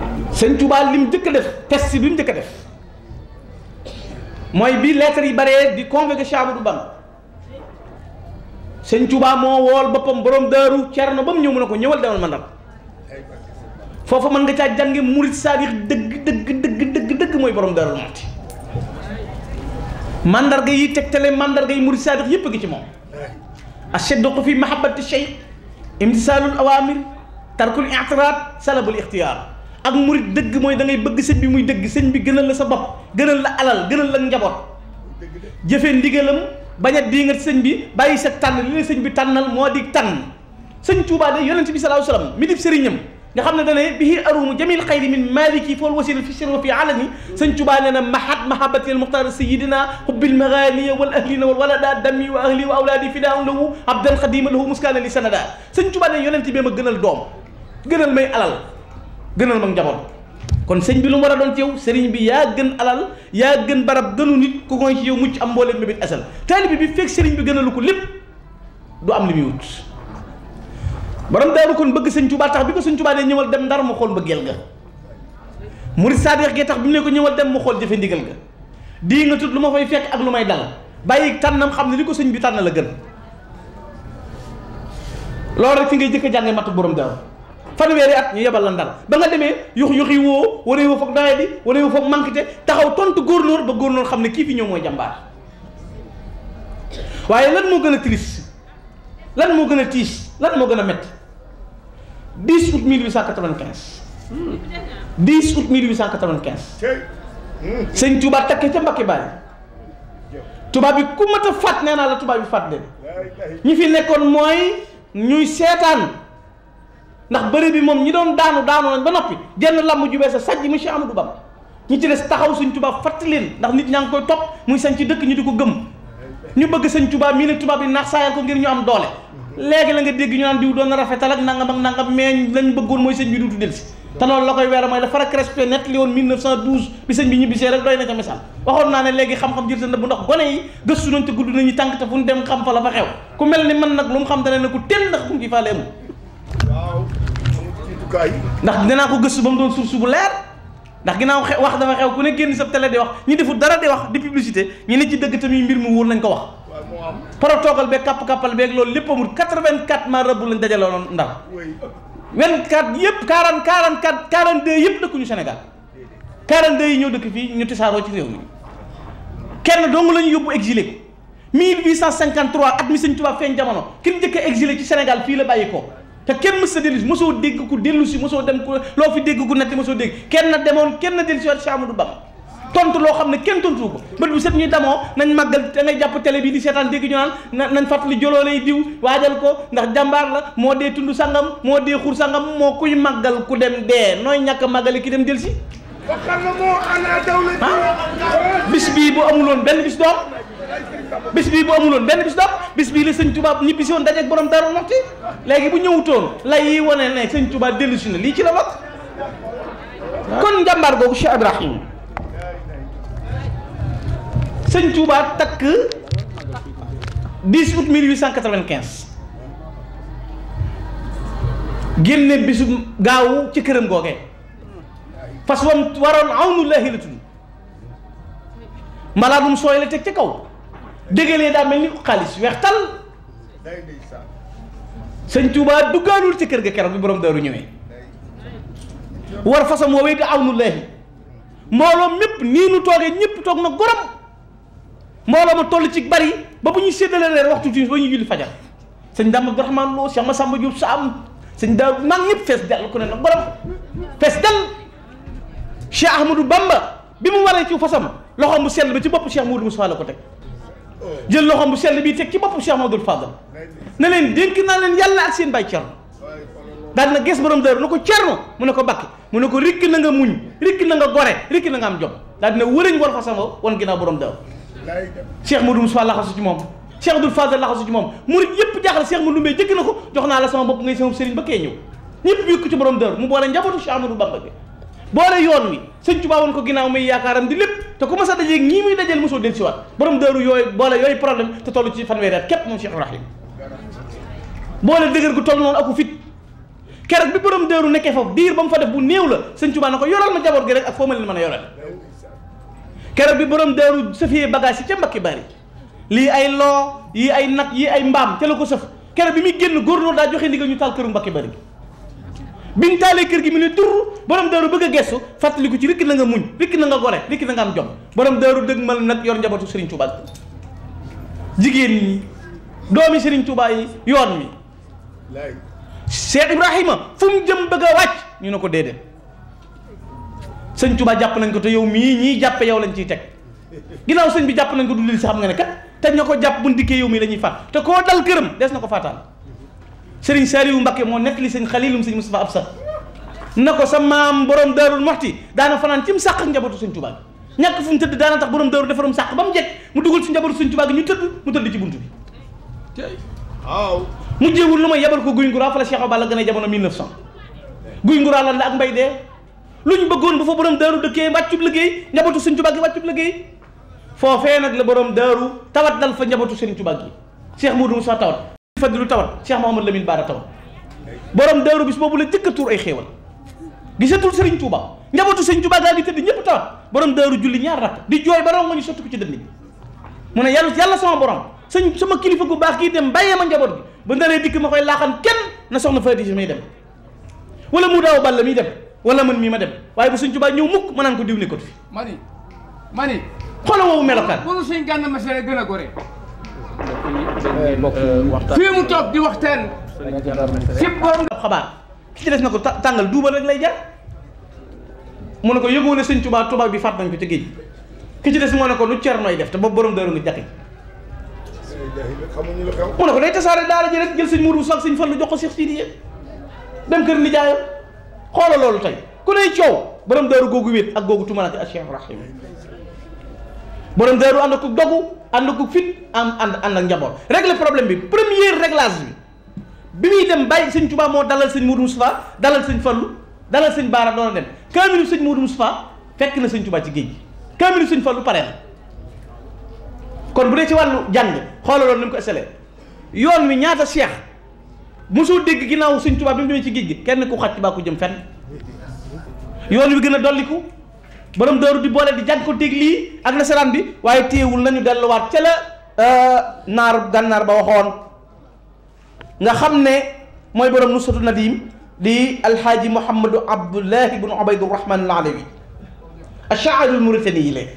am sëñ Tuubaa lim njëkk a def test bi mu jëkk def mooy bi lettre yi baree di convoqué Cheikh Ahmadou Bamba sëñ Tuubaa moo wool boppam borom daaru na ba mu ñëw mu ne ko ñëwal demal ma Ndar foofa mën nga caa jànge murit saadix dëgg dëgg dëgg dëgg dëgg mooy borom daaru Muxti mandarga yi tegtale mandarga yi murit saadix yépp a ngi ci moom ashadduqu fi mahabbati cheikh imtisaalul awaamir tarkul i'tiraad salabul ixtiyaar ak murit dëgg mooy dangay bëgg sëñ bi muy dëgg sëñ bi gënal la sa bopp gënal la alal gënal la njaboot jëfe ndigalam bañ a diingat sëñ bi bàyyi sa tànn li la sëñ bi tànnal moo di tànn sëñ Tuubaa de yonent bi sallallahu alayhi wasallam mi dib sëriñam nga xam ne dane bihi arumu jamil xayri min maliki fool wasila fi sir wa fi alani sëñ Tuubaa nee na mahat mahabatil muxtaar sayidina hubbil maganiya wal ahlina wal walada dammi wa ahli wa awlaadi fidaun lahu abdan xadima lahu muskaana li sanada sëñ Tuubaa ne yonent bi ma gënal doom gënal may alal gënal ma kon sëñ bi lu mu war a doon ci yow sëriñ bi yaa gën alal yaa gën barab gënu nit ku koy ci yow mucc am mbooleem mébét asal taalibe bi fekk sëriñ bi gënalu ko lépp du am li muy borom daaru kon bëgg sëñ Tuubaa tax bi ko sëñ Tuubaa dee ñëwal dem ndar mu xool mbëggeel ga murid saadix gi tax bi mu ne ko ñëwal dem mu xool jëfe ndigal ga dii nga tut lu ma fay fekk ak lu may dal bàyyi tànnam xam ne li ko sëñ bi tànn la gën loolu rek fi ngay jëkk a jàngee matu borom daaru fanweeri at ñu yebal la ndar ba nga demee yux yuxi woo waree woo foog dawee di waree woo foog manqué taxaw tontu góornóor ba góor góornóor xam ne kii fi ñëw mooy jàmbaar waaye lan moo gën a triste lan moo gën a tiis lan moo gën a métti 10 août 1895. 10 août 1895. sëñ Touba takke ca mbaki Baye. tubaab bi ku mat a nee naa la tubaab bi fàtt leen ñi fi nekkoon mooy ñuy seetaan ndax bëri bi moom ñi doon daanu daanu nañ ba noppi jenn lamb ju sa a sajj mu Cheikh Amadou Bamba ñi ci des taxaw suñ tubaab fàtt leen ndax nit ñaa ngi koy topp muy sañ ci dëkk ñu di ko gëm ñu bëgg sëñ tubaab mii ne tubaab yi naax saayal ko ngir ñu am doole léegi la nga dégg ñu naan diw doon na rafetal ak nangam ak nangam mais lañ bëggoon mooy sëñ bi duutu del si te loolu la koy weer mooy la fara crespé net li woon 1912 bi sëñ bi ñibbisee rek doy na ca misaal waxoon naa ne léegi xam-xam jërte na bu ndax gone yi gëstu nañ te gudd nañu tànk te fu ñu dem xam fa la fa xew ku mel ni man nag lu mu xam te ne ne ku teel ndax ku mu ci faale ndax dinaa ko gëstu ba mu doon source bu leer ndax ginnaaw wax dafa ku ne sa télé wax ñi defu dara di wax di publicité ñi ne ci dëgg tamit mbir mu wóor nañ ko wax protocole beeg kapp-kappal beeg loolu lépp amul 84 ma rëbb lañ dajaloon ndar 24 yëpp 40 44 42 yëpp dëkkuñu Sénégal 42 yi ñëw dëkk fii ñu te tisaaroo ci réew mi kenn dong la ñu yóbbu exilé ko 1853 at mi Sëñ Tuubaa feeñ jamono ki ñu njëkk ci Sénégal fii la bàyyi ko te kenn mës sa dellusi mosoo dégg ku dellusi mosoo dem ku loo fi dégg ku netti mosoo dégg kenn demoon kenn dellusi waat Cheikh Amadou Bamba tontu loo xam ne kenn tontu ko bët bu set ñuy damoo nañ màggal da ngay jàpp télé bi di seetaan dégg ñu naan na nañ fàttali joloo lay diw waajal ko ndax jàmbaar moo dee tund sangam moo dee xur sangam moo kuy màggal ku dem dee nooy ñàkk a ki dem delsi ah bis bii bu amuloon benn bis doom bis bii bu amuloon benn bis doom bis bii la sëñ Touba ñibbisi woon dajeeg borom Daaru Muxti léegi bu ñëwutoon lay yi wane ne sëñ Touba dellusi na lii ci la bokk kon njàmbaar googu Cheikh Ibrahim sëñ Touba takk 10 août 1895 génne bisu gaawu ci këram googee fas wam waroon awnullahi la tudd malaanum sooy la teg ca kaw dégalee daa mel ni xaalis weex tal sëñ Touba duggaanul ci kër gi keroog bi borom daaru ñëwee war fasam woowee di awnullahi mbooloo mépp nii nu toogee ñëpp toog na gorom mbooloo ma toll ci bari ba bu ñuy séddale reer waxtu timis ba ñuy julli fajar sëñ Dame Abdourahmane Lo Cheikh Massamba Diop Sam sëñ Dame mag ñëpp fees dell ku ne nag borom fees dell Cheikh Ahmadou Bamba bi mu waree ci fasam loxoom bu sell bi ci bopp Cheikh Moudou Moussa la ko teg jël loxoom bu sell bi teg ci bopp Cheikh Mamadou Fadal ne leen dénk naa leen yàlla ak seen bàyyi Cerno daal na gis borom dër na ko Cerno mu ne ko Bakke mu ne ko rikk na nga muñ rikk na nga gore rikk na nga am jom daal dina wërañ war fasam won ginnaaw borom dër Cheikh Modou Moussa laxasu ci moom Cheikh Abdoul Fadel laxasu ci moom murid yëpp jaaxle Cheikh Modou Mbaye jëkk na ko jox naa la sama bopp ngay sama sëriñ ba kee ñëw ñëpp yëkk ci borom dër mu boole njabootu Cheikh Amadou Bamba bi boole yoon wi sëñ ko ginnaaw muy yaakaaram di lépp te ku mas a dajeeg ñii muy dajeel si waat borom dëru yooyu boole yooyu problème te toll ci fanweeri at képp moom Cheikh Ibrahim boole dëgër gu toll noonu aku fit keroog bi borom dëru nekkee foofu diir ba mu fa def bu néew la sëñ Tuubaa na ko yoral ma jaboot gi rek ak foo ma leen mën a yoral keroog bi borom daaru sëfee bagage yi ca mbakki bari lii ay loo yi ay nag yi ay mbaam ca la ko sëf keroog bi muy génn góornóor daa joxe ndigal ñu taal këru mbakki bari biñ taalee kër gi mu ne tur borom daaru bëgg a gestu fàttaliku ci rikki na nga muñ rikki na nga gore rikki na nga am jom borom daaru dëgg mal nag yor njabootu Serigne Touba jigéen ñi doomi sëriñ Touba yi yoon wi Cheikh Ibrahima fu mu jëm bëgg a wàcc ñu ne ko déedéet sëñ Touba jàpp nañ ko te yow mii ñii jàppe yow lañ ciy teg ginnaaw sëñ bi jàpp nañ ko du lil si xam nga ne kat te ña ko jàpp buñ dikkee yow mii la ñuy faat te koo dal këram des na ko faataal sëriñ Saliou Mbacké moo nekk li sëñ xalilum sëñ Moustapha Absa na ko sa maam borom daarul moxti daana fanaan ci mu sàq njabootu sëñ Touba bi ñàkk fu mu tëdd daana tax borom daaru defarum sàq ba mu jekk mu dugal si njabootu sëñ Touba gi ñu tëdd mu tëdd ci buntu bi waaw mu jéewul lu may yebal ko guy nguraa fa la Cheikh Balla gën a jamono 1900 guy nguraa lan la ak mbay dee lu ñu bëggoon bu fa borom daaru dëkkee wàccub liggéey njabootu sëñ Tuubaa gi wàccub liggéey foofee nag la borom daaru tawat dal fa njabootu sëñ Tuubaa gi Cheikh Modou Moussa tawat Fadilu tawat Cheikh Mouhamad Lamine Bara tawat borom daaru bis boobu la jëkk a tuur ay xéewal gisatul sëriñ Tuubaa njabootu sëñ Tuubaa gaa bi tëdd ñëpp tawat borom daaru julli ñaar rakk di jooy ba rongoñ sotti ko ci dënn mu ne yàlla yàlla sama borom sëñ sama kilifa gu baax kii dem bàyyee ma njaboot bi ba naree dikk ma koy laaxan kenn na soxna Faati may dem wala mu daaw balla miy dem wala man mii ma dem waaye bu Sëñ Tuubaa ñëw mukk ma naan ko diw nekkut fi. mani mani. xoolal woowu melokaan. bu suñ gànn ma sere gën a gore. Eh, eh, fii mu toog di waxtaan. si borom nga xabaar ki ci des na ko tàngal duubal rek lay jar mu ne ko yëgoo ne Sëñ Tuubaa tubaab bi faat nañ ko ci géej ki ci des moo ne ko lu cer mooy def te boobu borom dëru nga jaqi mu ne ko day tasaare daara ji rek jël sëñ Mourou sax ak sëñ Fallu jox ko Cheikh Sidiye dem kër nijaayam xoola loolu tey ku lay coow borom daaru googu wéet ak googu tumalaati ak Cheikh Rahim borom daaru ànd ko dogu ànd ko fit am ànd ànd ak njaboot régler problème bi premier réglage bi bi muy dem bàyyi sëñ Tuubaa moo dalal sëñ Moudou Moustapha dalal sëñ Fallu dalal sëñ Baara doon dem kaamilu sëñ Moudou Moustapha fekk na sëñ Tuubaa ci géej gi kaamilu sëñ Fallu pare na kon bu dee ci wàllu jàng xoola loolu ni mu ko essayer yoon wi ñaata cheikh mosoo dégg ginnaaw sëñ Tuubaa bi mu demee ci géej kenn ku xaj ci baa ko jëm fenn yoon wi gën a dolliku borom dooru di boole di jàng ko dégg lii ak nasaraan bi waaye téewul nañu delluwaat ca la euh, naaru gànnaar ba waxoon nga xam ne mooy borom nusratu nadim di alxaaji mouhamadou abdullahi bnu obaydourahman alaalawi achaarul muritani yi léeg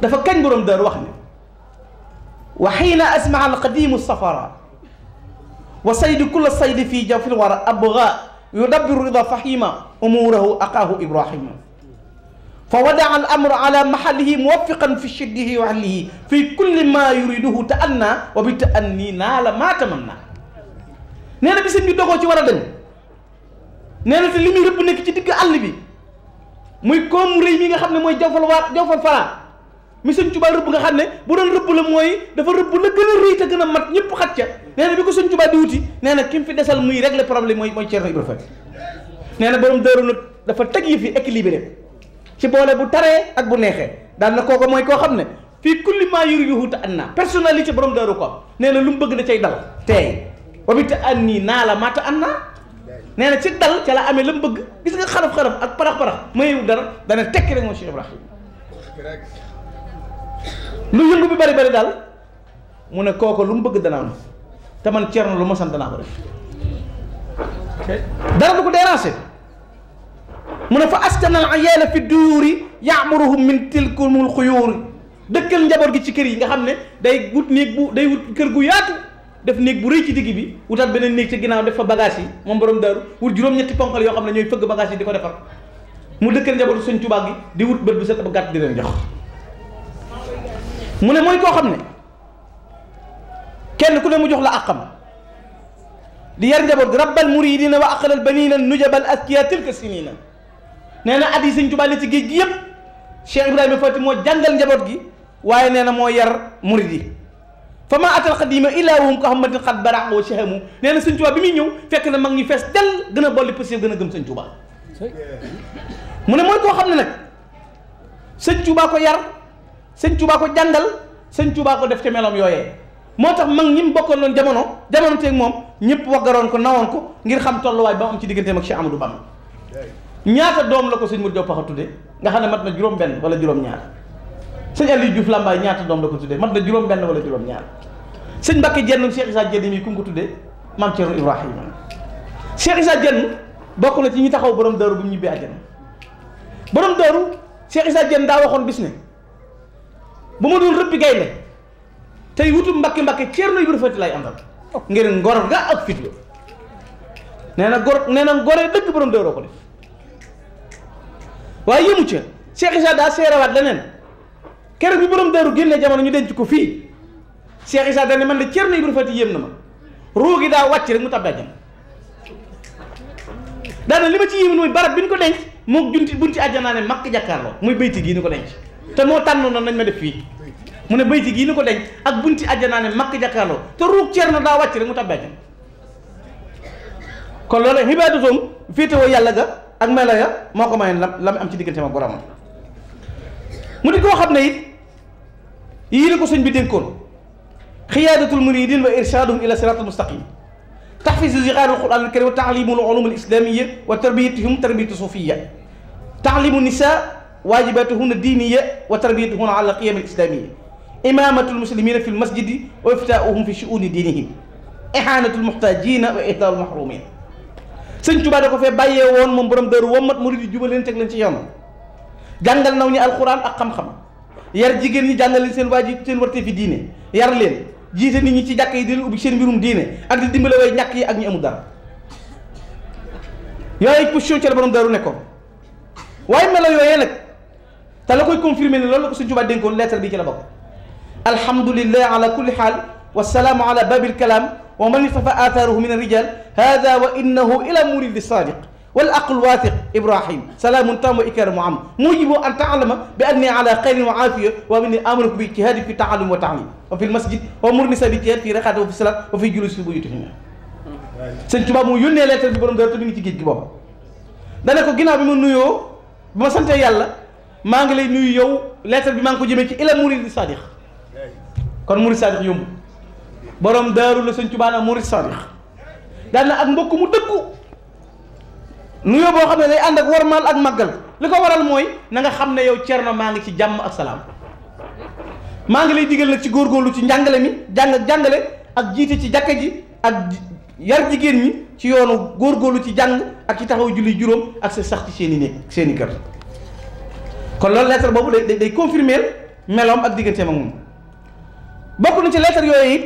dafa kañ borom dooru wax ne wa xiina asmaa alqadimu safara wa saydi kulla saydi fii jawfil wara abga yudabbiru rida fahima umurahu aqaahu ibrahima fa wadaa al amra ala mahalihi muwaffiqan fi shiddihi wa ahlihi fi kulli ma yuriduhu ta anna wa bi ta anni naa la maa tamanna nee na bi sëñ bi dogoo ci war a dem nee na te li muy rëbb nekk ci digg àll bi muy koom réy mi nga xam ne mooy jawfal waa jawfal faraa mi sëñ Tuubaa rëbb nga xam ne bu doon rëbb la mooy dafa rëbb la gën a rëy te gën a mat ñëpp xat ca nee na bi ko sëñ Tuubaa di wuti nee ki mu fi desal muy régler problème mooy mooy Ceerno Ibra Faty nee na borom dëru nag dafa teg yi fi équilibré ci boole bu taree ak bu neexee daal na kooku mooy koo xam ne fii kulli maa yur yu wuute an naa ci borom dëru ko nee na lu mu bëgg da cay dal tey wabita an nii naa la maata an naa nee na ci dal ca la amee la mu bëgg gis nga xaraf-xaraf ak parax-parax mayu dara dana tekki rek moom Cheikh Ibrahima lu yëngu bi bari bari daal mu ne kooku lu mu bëgg dana am te man Thierno lu ma sant naa ko def dara du ko déranger mu ne fa askanal ayaala fi duyuuri yaamuruhum min tilkumul xuyuuri dëkkal njaboot gi ci kër yi nga xam ne day wut néeg bu day wut kër gu yaatu def néeg bu rëy ci digg bi wutaat beneen néeg ci ginnaaw def fa bagage yi moom borom daaru wut juróom-ñetti ponkal yoo xam ne ñooy fëgg bagage yi di ko defar mu dëkkal njaboot suñ tubaab gi di wut bët bu set ba gàtt di leen mu ne mooy koo xam ne kenn ku ne mu jox la àqam di yar njaboot gi rabbal muridina wa aqlal banina nujabal askiya tilka sinina nee na at yi sëñ Tuubaa li ci géej gi yëpp Cheikh Ibrahima Fati moo jàngal njaboot gi waaye nee na moo yar murid yi fa maa atal ma illaa wahum ko xamatin xat baraaw shahamu nee na sëñ Tuubaa bi muy ñëw fekk na mag ñi fees del gën a bolli possible gën a gëm sëñ Tuubaa mu ne mooy koo xam ne nag sëñ Tuubaa sëñ Tuubaa ko jàndal sëñ Tuubaa ko def ca meloom yooyee moo tax mag ñi mu bokkoon loon jamono jamono teeg moom ñëpp waggaroon ko nawoon ko ngir xam tolluwaay ba mu am ci digganteem ak Cheikh Amadou Bamba ñaata doom la ko sëñ Mur Diop a tudde nga xam ne mat na juróom-benn wala juróom-ñaar sëñ Aliou Diouf Lambaay ñaata doom la ko tudde mat na juróom-benn wala juróom-ñaar sëñ Mbàkke Jenn Cheikh Issa Jenn mi ku mu ko tuddee maam Thierno Ibrahima Cheikh Issa Jenn bokk na ci ñi taxaw boroom daaru bu mu ñibbee àjjana borom daaru Cheikh Issa Jenn daa waxoon bis bu ma doon rëbbi gaynde tey wutum mbakki mbakki Ceerno Ibra Fati lay àndal ngir ngor ga ak fit nee na gor nee na ngoree dëkk borom dëwroo ko def waaye yëmu ca Cheikh Issa daa seerewaat leneen keroog bi borom dëwru génne jamono ñu denc ko fii Cheikh Issa man ne man de Ceerno Ibra Fati yéem na ma ruu gi daa wàcc rek mu tabbee jam ne li ma ci yéemu mooy barab bi ñu ko denc mook junti bunti naa ne makk jàkkaarloo muy bayti gii ñu ko denc te moo tànn noonu nañ ma def fii mu ne bayti gii li ko denc ak bunti àjjanaa ne makk jàkkaarloo te ruug ceerno daa wàcc rek mu tabbee ca kon loolu xibaadatoom féetewoo yàlla ga ak melo ya moo ko mayoon la mu am ci diggante ma boromam mu di koo xam ne it yii la ko sëñ bi dénkoon xiyaadatul muridin wa irshaaduhum ila siraatul mustaqim taxfiisu zixaaril quraanil kariim wa taalimul ulumul islamiyya waajibatuhunna diiniya wa tarbiyatuhunna ala qiyam alislamiya imamatul muslimina fi lmasjidi wa iftauhum fi shuuni diinihim ihaanatul muhtajina wa ihdaaru mahrumin sëñ Tuubaa da ko moom borom dëru wommat murid yi jubal leen teg leen ci yoonam naw ñi alquran ak xam yar jigéen ñi jàngal seen waaji seen warte fi diine yar leen jiite nit ñi ci jàkk yi di leen ubbi seen ak di dimbale way ak ñu amul dara yooyu position te la koy confirmer ne loolu la ko Sëñ Tuubaa dénkoon lettre bi ci la bokk alhamdulillah ala kulli xaal wasalaamu ala babil kalaam wa man istafa athaaruhu min arrijal hada wa innahu ila muridi sadiq wal aql wathiq ibrahim salaamun tam wa ikramu am mujibu an taalama bi anni ala xayrin wa aafiya wa minni amanuku bi ijtihaadi fi taalim wa taalim wa fi lmasjid wa murni sa bi ijtihaad fi raqaati wa fi salaat wa fi julus fi buyutihim Sëñ Tuubaa mu yónnee lettre bi borom dara te mi ngi ci géej gi booba dana ko ginnaaw bi ma nuyoo bi ma santee yàlla maa ngi lay nuyu yow lettre bi maa ngi ko jëmee ci ila murid sadiq kon murid sadiq yomb borom daaru la sëñ Tuubaa na murid sadiq daan na ak mbokk mu dëggu nuyoo boo xam ne day ànd ak warmaal ak màggal li ko waral mooy na nga xam ne yow na maa ngi ci jàmm ak salaam maa ngi lay digal nag ci góorgóorlu ci njàngale mi jàng ak ak jiite ci jàkka ji ak yar jigéen ñi ci yoonu góorgóorlu ci jàng ak ci taxaw julli juróom ak sa sax ci seeni i kon loolu lettre boobu de day confirmer meloom ak digganteem ak moom bokk na ci lettre yooyu it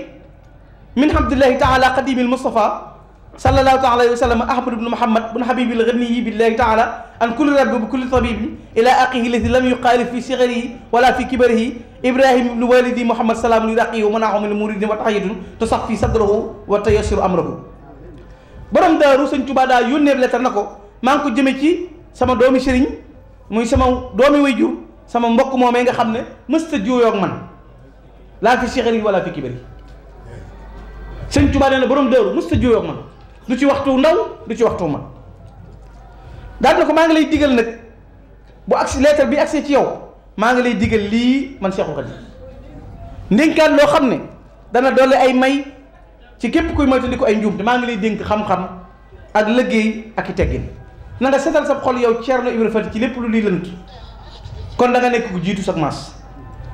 min hamdulillahi taala qadimil mustafa sallallahu taala alayhi wa sallam ahmad ibnu muhammad bun habibil ghaniyi billahi taala an kulli rabbi bi kulli tabibi ila aqihi lati lam yuqaalif fi sigarihi wala fi kibarihi ibrahim ibnu walidi muhammad salaamun yuraqihi wa manaahu min muridin wa tahiyatun tusax fi sadrahu wa tayassiru amrahu borom daaru sëñ Tuubaa daa yónnee lettre na ko maa ngi ko jëme ci sama doomi sëriñ muy sama doomi way jur sama mbokk moomee nga xam ne mësta juuyoog man laa fi sixari wala fi kibari sëñ Tuubaa na borom dëru mësta juuyoog man du ci waxtu ndaw du ci waxtu man daal na ko maa ngi lay digal nag bu agsi lettre bi agsi ci yow maa ngi lay digal lii man Seexul Xadiim ndénkaan loo xam ne dana dolli ay may ci képp kuy ko ay njuum te maa ngi lay dénk xam-xam ak liggéey ak i teggin nanga nga setal sa xol yow Ceerno Ibra Fati ci lépp lu luy kon da nga nekk ku jiitu sa maas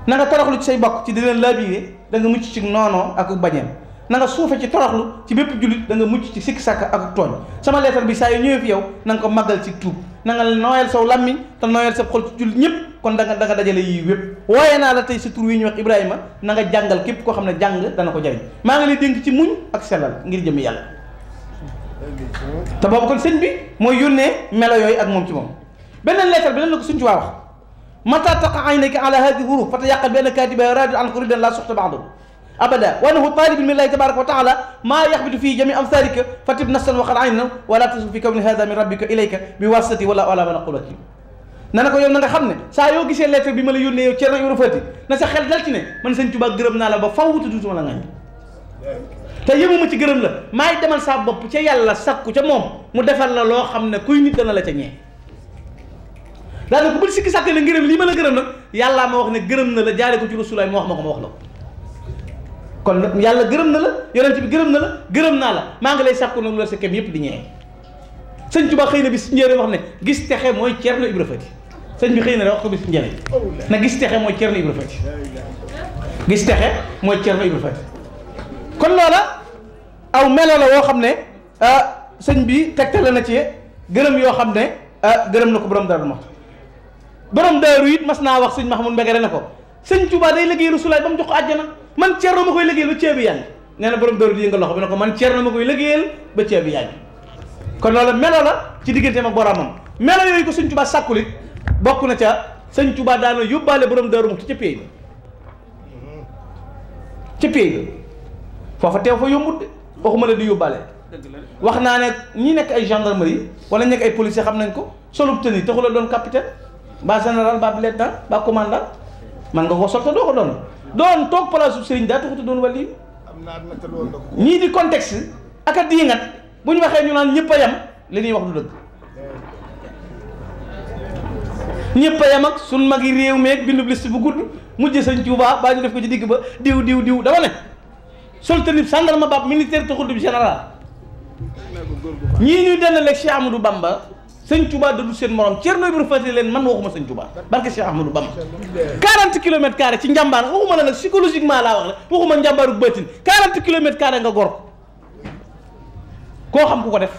na nga toroxlu ci say bokk ci di leen laabire da nga mucc ci noonoo ak bañeel na nga suufe ci toroxlu ci bépp jullit da nga mucc ci sikk sàkk ak tooñ sama leetar bi saa yu ñëwee yow na nga ko màggal ci tuub na nga nooyal saw làmmiñ te nooyal sa xol ci jullit ñëpp kon da nga da dajale yii wépp waaye naa la tey sa wi ñu Ibrahima na nga jàngal képp koo xam ne jàng dana ko jariñ maa ngi lay dénk ci muñ ak sellal ngir jëm yàlla te boobu kon sëñ bi mooy yónnee melo yooyu ak moom ci moom beneen leetar beneen la ko suñ ci waa wax mata taqa aynaka ala hadi huruf fata yàqal benn katiba radiu an kouridan la suxta baxdu abada wa annahu talibun min llahi tabaraka wa taala maa yaxbitu fii jami amsalika fatib nafsan waqad ayna wala tasuf fi kawni hada min rabbika ilayka bi wasati wala wala man aqul wakim na na ko yow na nga xam ne saa yoo gisee lettre bi ma la yónnee yow Ceerno Ibra Faati na sa xel dal ci ne man sëñ Tuubaa gërëm naa la ba faw wutu duutuma la ngañ te yëmuma ci gërëm la maay demal saa bopp ca yàlla sakku ca moom mu defal la loo xam ne kuy nit dana la ca ñee daal ko bul sikki sàkk ne ngërëm lii ma la gërëm nag yàllaa ma wax ne gërëm na la jaare ko ci rasulaay ma wax ma ko ma wax la ko kon nag yàlla gërëm na la yonent bi gërëm na la gërëm naa la maa ngi lay sàkku nag la sa kem yëpp di ñee sëñ Tuubaa xëy na bis njëriñ wax ne gis texe mooy Ceerno Ibra Fati sëñ bi xëy na rek wax ko bis njëriñ na gis texe mooy Ceerno Ibra Fati gis texe mooy Ceerno Ibra Fati kon loola aw melo la woo xam ne euh, sëñ bi tegtale na ci gërëm yoo xam ne euh, gërëm na ko borom daaru ma borom daaru it mas naa wax sëñ Mahmoud Mbegere ne ko sëñ Touba day liggéeyalu sulaay ba mu jox ko àjjana man ceerno ma koy liggéeyalu ceebi yàlla nee na borom daaru di yëngal loxo bi ne ko man ceerno ma koy liggéeyal ba ceebi yàlla kon loola melo la ci digganteem ak boromam melo yooyu ko sëñ Touba sàkkul it bokk na ca sëñ Touba daana yóbbaale borom daaru mu ci ca péey ba ca foofa teew fa yombut de waxuma la di yóbbaale. wax naa ne ñi nekk ay gendarmerie wala nekk ay policier xam nañ ko solub tenue taxul a doon capitaine ba général ba lieutenant ba commandant man nga ko sol te doo ko doon doon toog palaasu sëriñ daa taxut a doon wàll yi. ñii di contexte ak a diingat bu ñu waxee ñu naan ñëpp a yem li ñuy wax du dëgg. ñëpp a yem ak sunu mag yi réew meeg bindu liste bu gudd mujj sañ Tuubaa baa ñu def ko ci digg ba diw diw diw dama sol tenue gendarme baab militaire taxul du général ñii ñuy dendaleeg Cheikh Amadou Bamba sëñ Touba da du seen morom Thierno Ibrahima fàtte leen man waxuma sëñ Touba barke Cheikh Amadou Bamba 40 kilomètres carré ci njàmbaar waxuma la nag psychologiquement laa wax la waxuma njàmbaaru bëtin nga gor koo xam ku ko def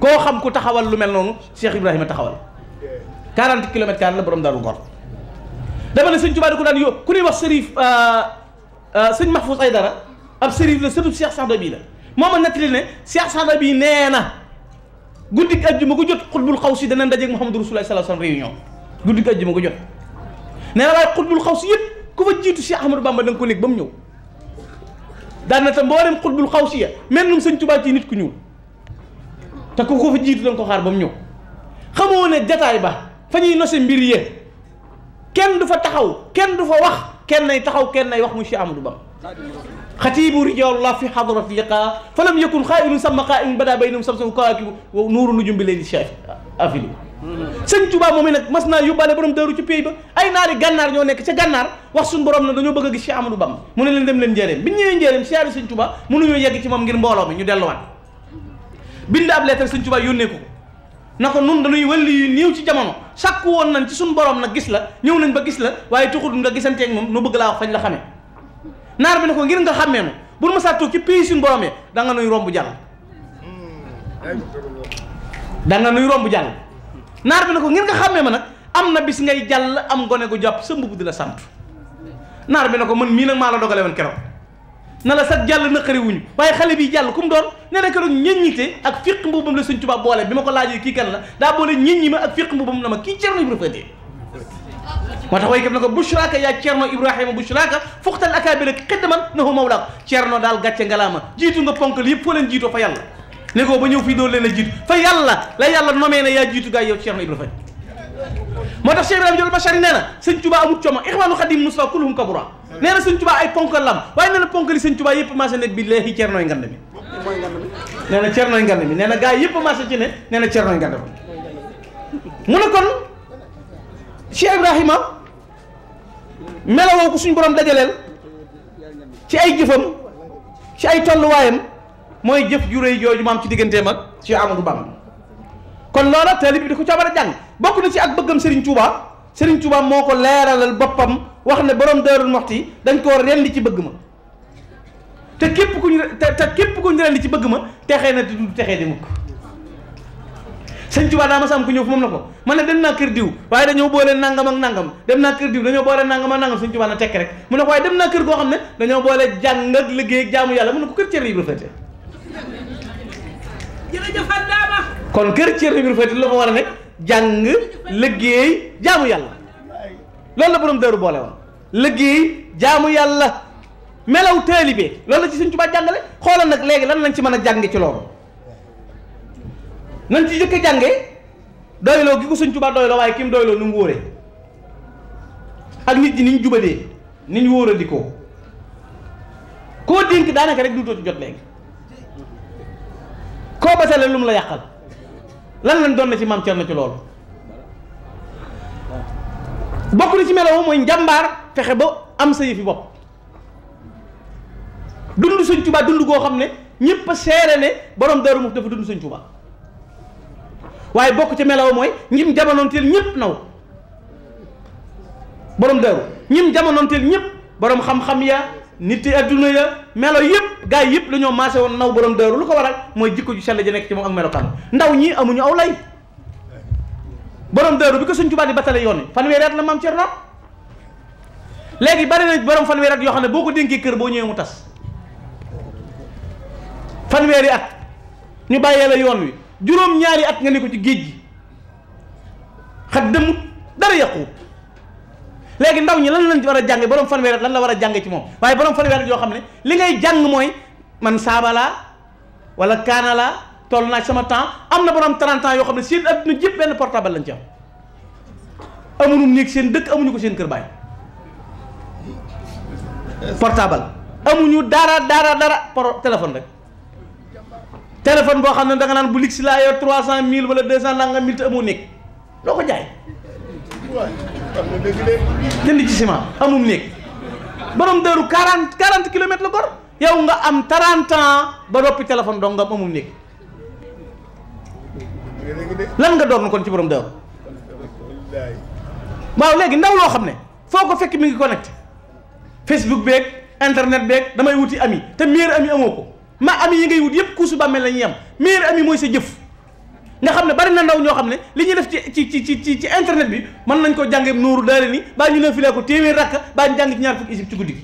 koo xam ku taxawal lu mel noonu Cheikh Ibrahima taxawal 40 kilomètres carré la borom daal gor dama ne sëñ Touba ko daan yóbbu ku ñuy wax sërif euh, Euh, sëñ ay dara ab sëriñ la sëtu Cheikh Sada bii la moo ma nettali ne Cheikh Sada bii nee na guddik ajjuma ko jot xutbul xaw si dana ndajeeg Mouhamadou Rasulullah sallallahu alayhi wa sallam réunion guddik ajjuma ko jot nee na waaye xutbul xaw si yëpp ku fa jiitu Cheikh Ahmadou Bamba da nga ko nekk ba mu ñëw daan na tam xutbul xaw si ya mel num sëñ tubaat ci nit ku ñuul te ku ko fa jiitu da ko xaar ba mu ñëw xamoo ne jataay ba fa ñuy nose mbir yee kenn du taxaw kenn du fa wax kenn ay taxaw kenn ay wax muy Cheikh Amadou Bam xatiibu rijaalullah fi xadarat liqa fa lam yakun xaailun sama xaailun bada baynum samsu kawaakibu nuuru nujum bi leen cheikh afili sëñ Tuubaa moom nag mas naa yóbbaale borom dëru ci pays ba ay naari gànnaar ñoo nekk ca gànnaar wax suñu borom na dañoo bëgg a gis Cheikh Amadou Bam mu ne leen dem leen njëreem bi ñu ñëwee njëreem siyaari sëñ Tuubaa mënuñoo yegg ci moom ngir mbooloo mi ñu delluwaat bind ab lettre sëñ na ko nun dañuy wëlli yu néew ci jamono sàkku woon nañ ci suñu borom nag gis la ñëw nañ ba gis la waaye tuxul nga gisanteeg moom nu bëgg laa wax fañ la xamee naar bi ne ko ngir nga xàmmee nu bu ma saa ci pays suñu borom yi da nga nuy romb jàll nga nuy romb jàll naar bi ne ko ngir xàmmee ma nag am na bis ngay jàll am gone gu jàpp sa mbubb di la sant naar bi ne ko man mii nag maa la dogale woon keroog na la sax jàll naqari wuñu waaye xale bi jàll ku doon ne na keroog ñeññite ak fiq mbuubam la Sëñ Tuubaa boole bi ma ko laajee kii kan la daa boole ñeññi ma ak fiq mbuubam na ma kii Cerno Ibra Faty ko bushraaka yaa Cerno Ibrahima bushraaka fuxtal akaabira xiddaman nahu mawlaako Cerno daal gàcce ngalaama jiitu nga ponkal yëpp foo leen jiitoo fa yàlla ne ba ñëw fii doo leen a jiitu fa yàlla la yàlla nomee na yaa jiitu gaa yow Cerno Ibra Faty moo tax si Ibrahima Jol Bachari nee na sëñ Tuba amul coomo ixwaanu xadim musa kulhum kabura nee na sëñ Tuba ay ponkal lam waaye nee na ponkali sëñ Tuba yëpp marché nekk bi léegi ceernooy ngand mi nee na ceernooy ngand mi nee na gars yëpp marché ci ne mi mu ne kon Cheikh Ibrahima melawoo ko suñu borom dajaleel ci ay jëfam ci ay tolluwaayam mooy jëf ju réy jooju maam ci digganteem ak Cheikh Amadou Bamba kon loola taalib bi di ko ca war a jàng bokk na ci ak bëggam Serigne Touba Serigne Touba moo ko leeralal boppam wax ne borom Daarul Muxti dañ koo rendi ci bëgg ma te képp ku ñu te te képp ku ñu rendi ci bëgg ma texee na te du texee di mukk Serigne Touba daa ma sa am ku ñëw fu moom na ko man ne dem naa kër diw waaye dañoo boole nangam ak nangam dem naa kër diw dañoo boole nangam ak nangam Serigne Touba na tekk rek mu ne ko waaye dem naa kër goo xam ne dañoo boole jàng ak liggéey ak jaamu yàlla mu ne ko kër Thierno Ibrahima. jërëjëf Adama. kon kër Thierno Birou Fati la fa war a nekk jàng liggéey jaamu yàlla loolu la borom dëru boole woon liggéey jaamu yàlla melaw taalibe loolu la ci Sëñ Tuubaa jàngale xoolal nag léegi lan lañ ci mën a jànge ci loolu nan ci jëkk jànge doyloo gi ko Sëñ Tuubaa doyloo waaye kim doyloo nu mu wóoree ak nit ñi ni ñu jubadee ni ñu wóoradikoo koo dénk daanaka rek duutoo ci jot léegi koo basale lu la yàqal lan lañ doon na ci maam Cerno ci loolu bokk na ci melo mooy njàmbaar fexe ba am sa yëfi bopp dund Sëñ Tuubaa dund goo xam ne ñëpp a seere ne borom Daaru Muxti dafa dund Sëñ Tuubaa waaye bokk ci melo mooy ñim jamonoon teel ñëpp naw borom Daaru ñim jamonoon teel ñëpp borom xam-xam ya nit yi adduna ya melo yëpp gaa yi yëpp dañoo maase woon naw borom dëru lu ko waral mooy jikko ju sell ji nekk ci moom ak melokaan ndaw ñi amuñu aw lay borom ko Sëñ Tuubaa di batale yoon wi fanweeri at la maam Cerno léegi bari na borom fanweeri at yoo xam ne boo ko dénkee kër boo ñëwee mu tas fanweeri at ñu bàyyee la yoon wi juróom-ñaari at nga ne ko ci géej gi xat dëmut dara yàqu léegi ndaw ñi lan lañ war a jànge borom fanweer lan la war a jànge ci moom waaye borom fanweer yoo xam ne li ngay jàng mooy man saaba la wala kaana la toll naa sama temps am na borom 30 yoo xam ne seen adduna jëpp benn portable lañ ci am amuñu néeg seen dëkk amuñu ko seen kër baay portable amuñu dara dara dara por téléphone rek téléphone boo xam ne danga naan bu ligg si laa yor 300000 wala 200 nangam mille te amoo néeg loo ko jaay. jënd ci ciment amum néeg borom dëru quarante quarante kilomètres la gor yow nga am 30 ba doppi téléphone dong nga am amum néeg lan nga doon kon ci borom dëru waaw léegi ndaw loo xam ne foo ko fekk mi ngi connecté Facebook beeg internet beeg damay wuti ami te meilleur ami amoo ko ma ami yi ngay wut yëpp kuusu bàmmeel la ñuy am meilleur ami mooy sa jëf nga xam ne bari na ndaw ñoo xam ne li ñuy def ci ci ci ci ci internet bi mën nañ koo jàngee nooru daale ni baa ñu nafilee ko téeméer rakk baa ñu jàng ci ñaar fukki isib ci guddi gi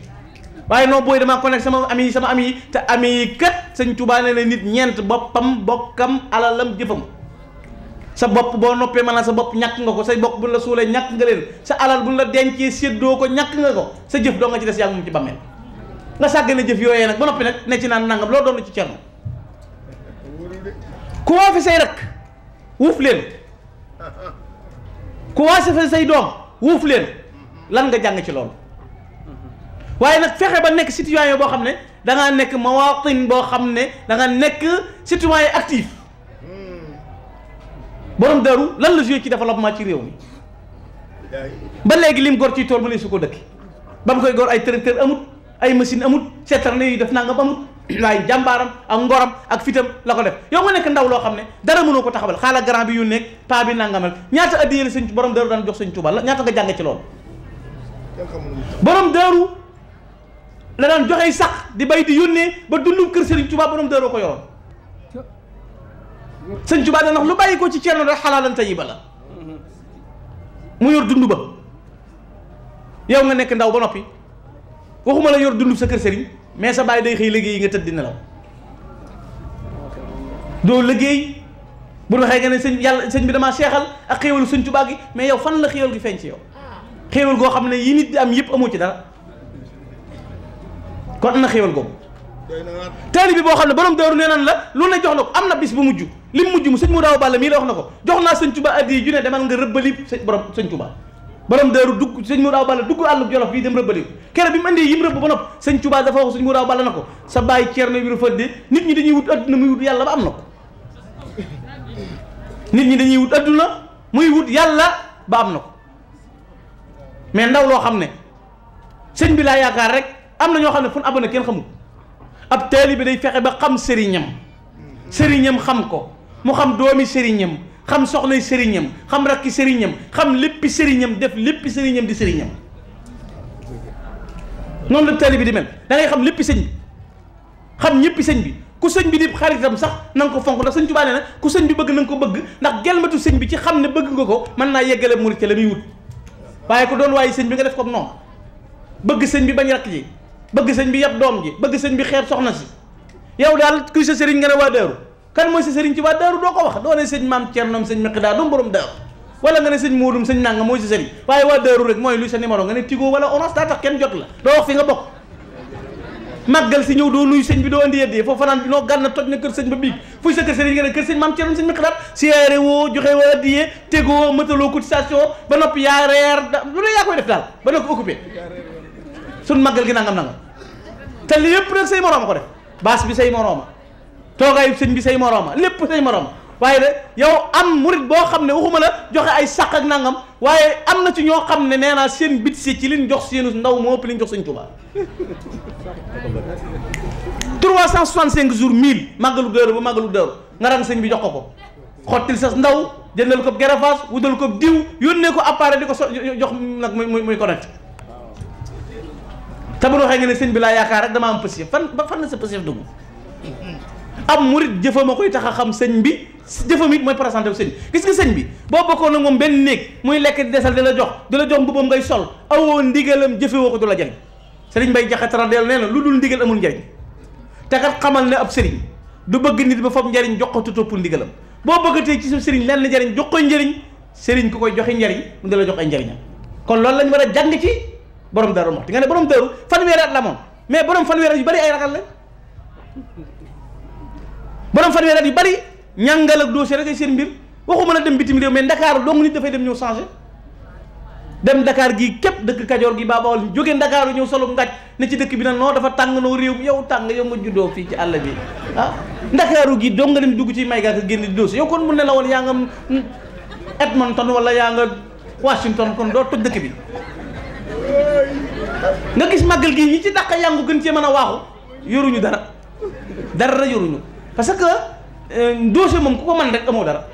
waaye non booy damaa connecté sama ami yi sama ami yi te ami yi kat sëñ Tuubaa nee na nit ñeent boppam bokkam alalam jëfam sa bopp boo noppee maanaam sa bopp ñàkk nga ko sa bopp buñ la suulee ñàkk nga leen sa alal buñ la dencee séddoo ko ñàkk nga ko sa jëf doo nga ci des yaa ngi moom ci bàmmeel nga sàggane jëf yooyee nag ba noppi nag ne ci naan nangam loo doon ci cerno wuuf leen ku waasifal say doom wuuf leen lan nga jàng ci loolu waaye nag fexe ba nekk citoyen boo xam ne da ngaa nekk mawaatin boo xam ne danga nekk nekk citoyen actif borom daru lan la joué ci développement ci réew mi ba léegi lim gor ci tool mu ne su ko dëkk ba mu koy gor ay tracteur amut ay machine amut seetar na yu def nangam amut waaye jàmbaaram ak ngoram ak fitam la ko def yow nga nekk ndaw loo xam ne dara mënoo ko taxawal xaala grand bi yu nekk paa bi nangamal ñaata addiyee la sëñ borom daru daan jox sëñ Tuuba la ñaata nga jàng ci loolu borom daru la daan joxee sax di bay di yónnee ba dundum kër sëriñ Tuuba borom daaroo ko yoroon sëñ Tuuba dana lu bàyyi ko ci ceerno rek xalaalan tayiba la mu yor dund ba yow nga nekk ndaw ba noppi waxuma la yor dund sa kër sëriñ mais sa baay day xëy liggéey yi nga tëdd di nelaw doo liggéey bu ñu waxee ne sëñ yàlla sëñ bi damaa seexal ak xéewal sëñ Tuubaa gi mais yow fan la xéewal gi feeñ ci yow xéewal goo xam ne yi nit di am yëpp amoo ci dara kon am na xéewal googu taali bi boo xam ne borom daaru nee nan la lu ne jox na ko am na bis bu mujj li mu mujj mu sëñ mu daaw bàll mii la wax na ko jox naa sëñ Tuubaa addi yi ju ne demal nga rëbbali sëñ borom sëñ Tuubaa borom daaru dugg sëñ Mourou Awa Balla dugg àllub Jolof fii dem rëbbali kere bi mu andee yim rëbb ba nopp sëñ Touba dafa wax sëñ Mourou Awa Balla na ko sa bàyyi ceerno bi fëdde nit ñi dañuy wut adduna muy wut yàlla ba am na nit ñi dañuy wut adduna muy wut yàlla ba am na ko mais ndaw loo xam ne sëñ bi laa yaakaar rek am na ñoo xam ne fu nu abonné kenn xamul ab taalibe day fexe ba xam sëriñam sëriñam xam ko mu xam doomi sëriñam xam soxlay sëriñam xam rakki sëriñam xam léppi sëriñam def léppi sëriñam di sëriñam noonu la taalibe bi di mel da ngay xam léppi sëñ bi xam ñéppi sëñ bi ku sëñ bi di xaritam sax na nga ko fonk ndax sëñ Tuubaa nee na ku sëñ bi bëgg na nga ko bëgg ndax gelmatu sëñ bi ci xam ne bëgg nga ko mën naa yeggale murit ca la muy wut waaye ko doon waaye sëñ bi nga def ko noonu bëgg sëñ bi bañ rakk ji bëgg sëñ bi yab doom ji bëgg sëñ bi xeeb soxna si yow daal kuy sëriñ nga waa kan mooy sa sëriñ Tuubaa daaru doo ko wax doo ne sëñ maam Cernoom sëñ Miqdaadum borom daaru wala nga ne sëñ Moodum sëñ nangam mooy sa sëriñ waaye waa daaru rek mooy luy sa numéro nga ne Tigo wala Orange daa kenn jot la doo wax fi nga bokk màggal si ñëw doo nuyu sëñ bi doo andi yeddee foofu fanaan noo gànna toj na kër sëñ ba biig fuy sa kër sëriñ nga ne kër sëñ maam Cernoom sëñ Miqdaad siyaare woo joxe woo addiyee tegoo mëtaloo cotisation ba noppi yaa reer lu ne yaa koy def daal ba màggal gi nangam nangam te li yëpp nag say morooma ko baas bi say morooma toogaayu sëñ bi say morooma lépp say morooma waaye de yow am murit boo xam ne waxuma la joxe ay sàq ak nangam waaye am na ci ñoo xam ne nee naa seen bit si ci liñ jox seenu ndaw moo ëpp liñ jox sëñ Tuubaa 365 jours 1000 màggalu dëru ba màggalu dëru nga rang sëñ bi jox ko ko xottil sa ndaw jëndal ko gerafaas wutal ko diw yónnee ko appareil di ko so jox nag muy muy connecté te bu waxee nga sëñ bi laa yaakaar rek dama am pësiyëf fan fan la sa pësiyëf dugg am mu murit jëfam a koy tax xam sëñ bi jëfam it mooy présenté wu sëñ gis nga sëñ bi boo bokkoon ak moom benn néeg muy lekk di desal di la jox di la jox mbubbam ngay sol awoo ndigalam jëfe woo ko du la jariñ sëriñ Mbay Jaxate radiyallaahu nee na lu dul ndigal amul njariñ te kat xamal ne ab sëriñ du bëgg nit ba fab njariñ jox ko topp ndigalam boo bëggatee ci sa sëriñ lenn njariñ jox koy njariñ sëriñ ko koy joxe njariñ mu di la jox ay njariñam kon loolu lañ war a jàng ci borom Daaru Muxti nga ne borom Daaru fanweeri at la moom mais borom fanweeri yu bari ay ragal la borom fanweeri at yi bari ñàngal ak dossier rek ay seen mbir waxuma la dem bitim réew mais Dakar dong nit dafay dem ñëw changé dem Dakar gii képp dëkk Kajoor gi baa Bawol jógee Dakar ñëw solo ngaj ne ci dëkk bi nag noo dafa tàng noo réew mi yow tàng yow nga juddoo fii ci àll bi ah Ndakaaru gi dong nga dem dugg ci may gaaka génn di dossier yow kon mun ne la woon yaa nga Edmonton wala yaa nga Washington kon doo toj dëkk bi nga gis màggal gi ñi ci dàq yàngu gën cee mën a waaxu yoruñu dara dara yoruñu parce que euh, dossier moom ku ko man rek amoo dara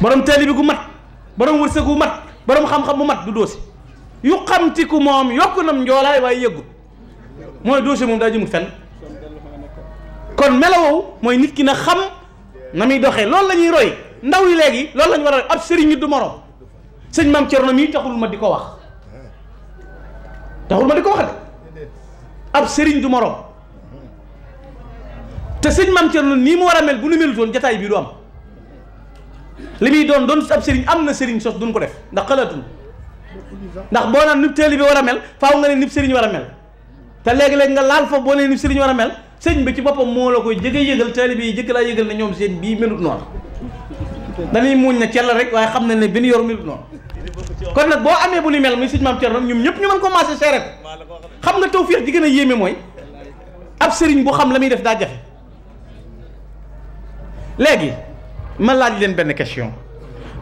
borom teel bi ku mat borom wërsëg bu mat borom xam-xam bu mat du dossier yu xamti ku moom yokku nam njoolaay waaye yëggu mooy dossier moom daa jëmul fenn kon melawoo mooy nit ki na xam na muy doxee loolu la ñuy roy ndaw yi léegi loolu la ñu war a ab sëriñ du morom sëñ maam Cerno mii taxul ma di ko wax taxul ma di ko wax ab sëriñ du morom. te sëñ Mame Thierno nii mu war a mel bu nu melutoon jataay bii du am li muy doon doon ab sëriñ am na sëriñ sos duñ ko def ndax xalaatuñ ndax boo naan nib teeli bi war a mel faaw nga ne nib sëriñ war a mel te léegi-léegi nga laal foofu boo ne nib sëriñ war a mel sëñ bi ci boppam moo la koy jëge yëgal teeli bi jëkk laa yëgal ne ñoom seen bii melut noonu dañuy muuñ na cell rek waaye xam na ne benn ñu yor melut noonu kon nag boo amee bu ni mel muy sëñ Mame ñoom ñëpp ñu mën ko commencé seeret xam nga tawfeex ji gën a yéeme mooy ab sëriñ bu xam la muy def daa léegi man laa laaj leen benn question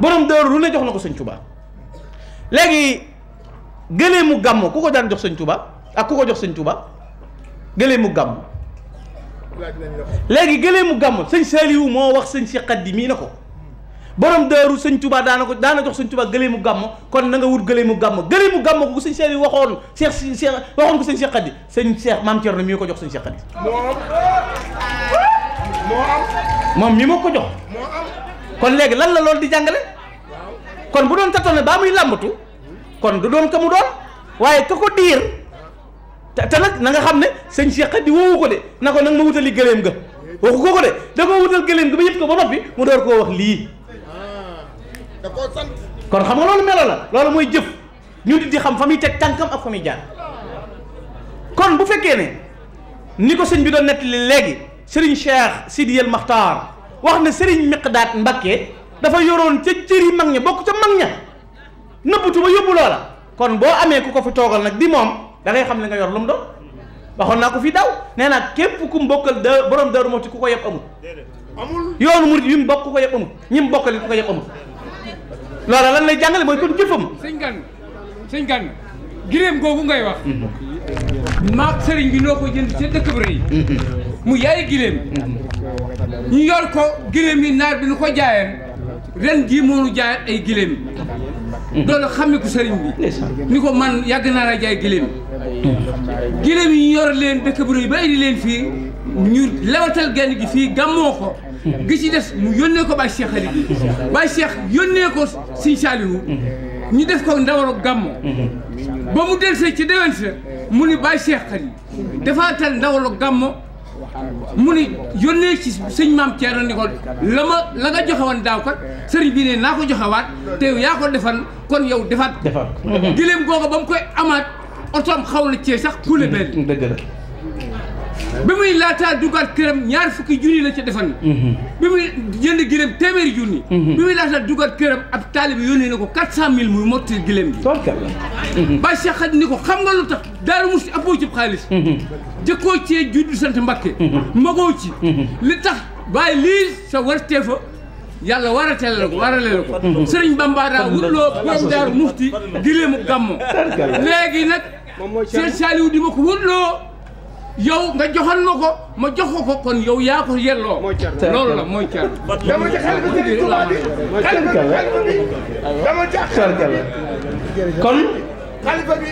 borom dóor lu ne jox na ko sëñ Tuubaa léegi gëleemu gàmm ku ko daan jox sëñ tubaa ak ku ko jox sëñ Tuubaa gëleemu gàmm léegi gëleemu gàmm sëñ Saaliwu moo wax sëñ si xaddi mii ne ko borom dëru sëñ Tuubaa daana ko daana jox sëñ Tuubaa gëleemu gàmm kon na nga wut gëleemu gàmm gëleemu gàmm ko sëñ Saaliwu waxoon Cheikh si Cheikh waxoon ko sëñ si xaddi sëñ Cheikh maam Thierno mii ko jox sëñ si xaddi moom mi ma ko jox kon léegi lan la loolu di jàngale kon bu doon tatoone baa muy làmbatu kon du doon ka mu doon waaye ka ko diir te te nag na nga xam ne sëñ Cheikh di woowu ko de na ko nag ma wutali gëléem ga waxu ko ko de da ko wutal gëléem gi ba yëpp ko ba noppi mu door koo wax lii da koo kon xam nga loolu melo la loolu mooy jëf ñu di di xam fa muy teg tànkam ak fa muy kon bu fekkee ne ni ko sëñ bi doon nettali léegi Serigne Cheikh Sidiyel Maxtaar wax na ne Serigne Miqdaat Mbakke dafa yoroon ca cëri mag ña bokk ca mag ña nëbbatu ba yóbbu loola kon boo amee ku ko fi toogal nag di moom da ngay xam ne nga yor lu mu doon waxoon naa ko fi daw nee naa képp ku mu bokkal da borom Daaru Muxti ku ko yëpp amul. amul yoonu murid yi mu bokk ku ko yëpp amul ñi mu bokkal ku ko yëpp amul loola lan lay jàngale mooy kon jëfam. sëñ Gana sëñ Gana giréem ngay wax. Mm-hmm. maag sëriñ bi noo ko jënd ca dëkk mu yaay giléem ñu yor ko giléem yi naar bi nu ko jaayeen ren jii moonu jaayaat ay giléem xam xamee ko sëriñ bi ni ko man yàgg naa la jaay giléem giléem yi yor leen dëkk bu ba indi fii ñu lewatal genn gi fii gàmmoo ko gi ci des mu yónnee ko ba Cheikh Ali gi Baye Cheikh yónnee ko Sëriñ Saaliwu def ko ndawaru gàmmu ba mu delsee ci déwén sa mu ni Baye Cheikh Ali dafaa tal ndawaru mu ne yónnee ci sëñ maam Thierno ni la ma la nga joxe daaw kat sëriñ bi ne naa ko joxewaat te yow yaa ko defal kon yow defaat. defaat gileem googu ba mu koy amaat otoom xaw na cee sax kuule benn. dëgg bi muy laataa dugaat këram ñaar fukki junni la ca defan mhm. bi muy jënd gileem téeméeri junni mhm. bi muy laataa dugaat këram ab taalibi yónnee na ko quatre cent muy motti gileem bi ba Cheikh ko xam nga lu tax Daaru Musti appoo ci xaalis mhm. jëkkoo cee juddu sant Mbakke magoo li tax waaye lii sa warteefa yàlla war a teel la ko warale la ko sëriñ Bamba daa wutloo borom Daaru Musti gileemu gàmmo léegi nag Cheikh di ma ko yow nga joxoon ma ko ma jox ko kon yow yaa ko yelloo. loolu la mooy cer. dama ci xalifa Sëriñ Tuubaa bi xalifa bi xalifa bi dama ci xalifa bi kon. xalifa bi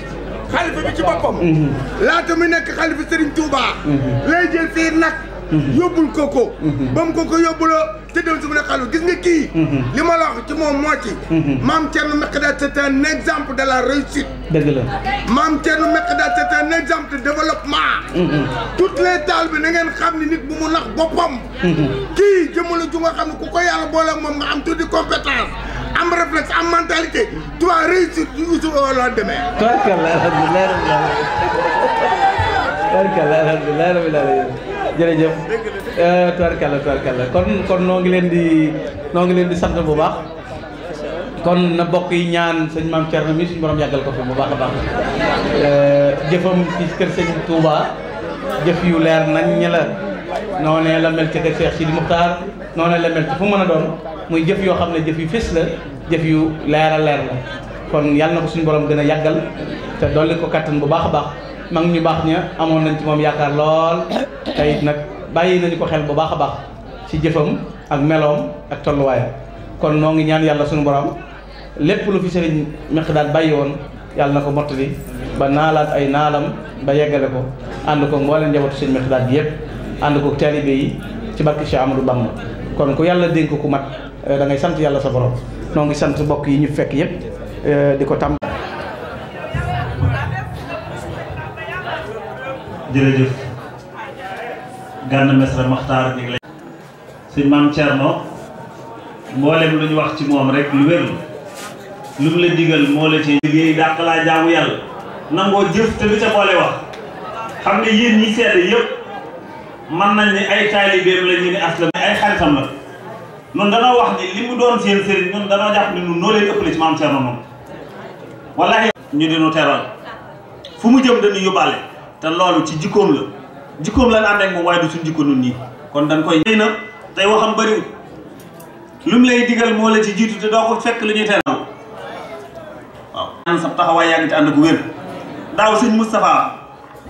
xalifa bi ci boppam. Mhm. laata mu nekk xalifa Sëriñ Tuubaa. Mhm. lay jël fii nag. Mm-hmm. yóbbul ko ko mm-hmm. ba ko ko yóbbuloo te dem su mu ne gis nga kii mm-hmm. li ma la ci moom moo ci maam Thierno Mekhda c'est un exemple de la réussite dëgg la maam Thierno Mekhda c'est un da de développement toutes les taal bi na ngeen xam ni nit bu mu nax boppam kii jëmala ju nga xam ne ku ko yàlla boole moom nga am tuuti compétence am réflexe am mentalité tu vas réussir du Youssouf au lendemain. barkalla alhamdulilah rabbil alamin barkalla alhamdulilah rabbil jërëjëf euh, tubarkalla tubarkalla kon kon noo ngi leen di noo ngi leen di sant bu baax kon na bokk yi ñaan sëñ maam na mi suñu borom yàggal ko fi bu baax a baax euh, jëfam ci kër sëñ Touba jëf yu leer nañ ñi la noonee la mel ci kër Cheikh Sidi Moukhtar noonee la mel ci fu mën a doon muy jëf yoo xam ne jëf yu fés la jëf yu leer a leer la kon yàlla na ko suñu borom gën a yàggal te dolli ko kattan bu baax a baax mag ñu baax ña amoon nañ ci moom yaakaar lool tey nag bàyyi nañu ko xel bu baax a baax ci jëfam ak meloom ak tolluwaayam kon noo ngi ñaan yàlla suñu borom lépp lu fi sëriñ Miqdaad bàyyi woon yàlla na ko mottali ba naalaat ay naalam ba yeggale ko ànd ko mbooleen njabootu sëriñ Miqdaad bi yëpp ànd ko taalibe yi ci barke Cheikh Amadou Bamba kon ku yàlla dénk ku mat eh, dangay sant yàlla sa borom noo ngi sant mbokk yi ñu fekk yëpp eh, di ko tàmm jërëjëf Gana Messere Maxtaar ñu ngi lay. lu ñu wax ci moom rek lu wér lu mu la digal moo la ci liggéey dàq laa jaamu yàlla nangoo jëf te lu ca boole wax xam ne yéen ñi seede yëpp mën nañ ne ay taalibeem la ñu ne aslam ay xaritam la noonu danoo wax ni li mu doon seen sëriñ ñun danoo jàpp ni ñun noo leen ci maam Thierno moom. wallaahi ñu dinu teral fu mu jëm dañu yóbbaale. te loolu ci jikkoom la jikkoom lan ànd ak moom waaye du suñ jikko nun ñi kon dañ koy na tey waxam bëriwut lu mu lay digal moo la ci jiitu te doo ko fekk lu ñuy teral waaw sa taxawaay yaa ngi ci ànd ak wér daaw sëñ Moustapha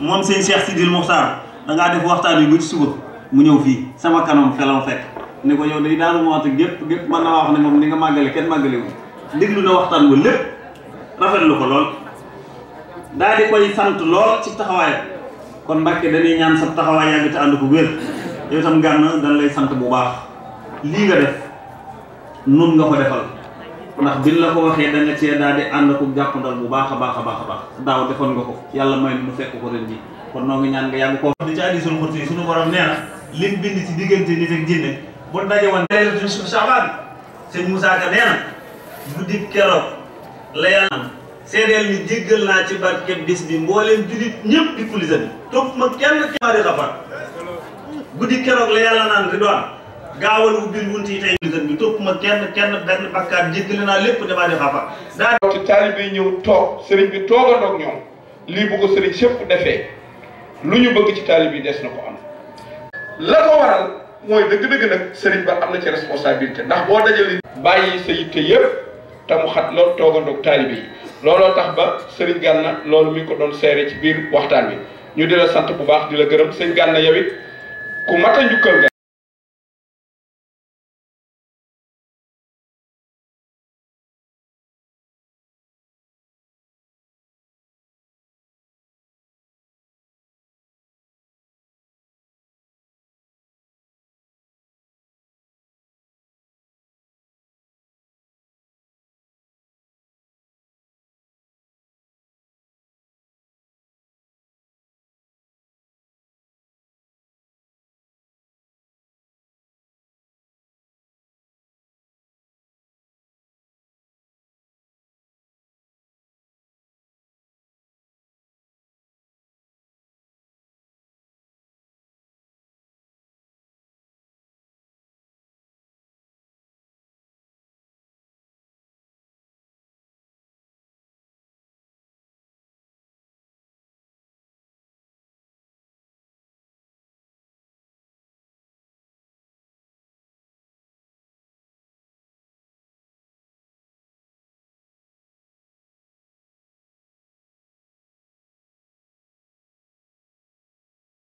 moom sëñ Cheikh Sidil Moukhtar dangaa def waxtaan yu mu ñëw fii sama kanam felam fekk ni ko yow day daanu ma wax gépp gépp mën naa wax ne moom ni nga màggale kenn màggale wu déglu na waxtaan wu lépp rafetlu ko lool daal di koy sant loo ci taxawaay kon Mbàkke dañuy ñaan sa taxawaay yàgg te ànd ko wér yow itam gànn dañ lay sant bu baax lii nga def nun nga ko defal ndax biñ la ko waxee da nga cee daal di ànd ko jàppandal bu baax a baax a baax a baax daaw defoon nga ko yàlla may nu fekk ko ren ji kon noo ngi ñaan nga yàgg ko di ci hadiisul qudsi suñu borom nee na lim bind ci diggante nit ak jinne bu daje woon leelatuñ suuf sa sëñ Moussa Ka nee na guddi seedeel yi jéggal naa ci barkeb bis bi mbooleem jullit ñëpp di kulisa bi topp ma kenn kemari xafar guddi keroog la yàlla naan ridwaan gaawal ubbil wunti yi tey kulisa bi topp ma kenn kenn benn bakkaar jéggale naa lépp damaa di xafar daa ci taalibe yi ñëw toog sëriñ bi toogandoog ñoom lii bu ko sëriñ sëpp defee lu ñu bëgg ci taalibe yi des na ko am la ko waral mooy dëgg-dëgg nag sëriñ ba am na ci responsabilité ndax boo dajale bàyyi sa yitte yëpp te mu xat lool toogandoog taalibe yi looloo tax ba Serigne Ganna loolu mi ko doon seere ci biir waxtaan bi ñu di la sant bu baax di la gërëm sëñ gànna yow it ku mat a njukkal nga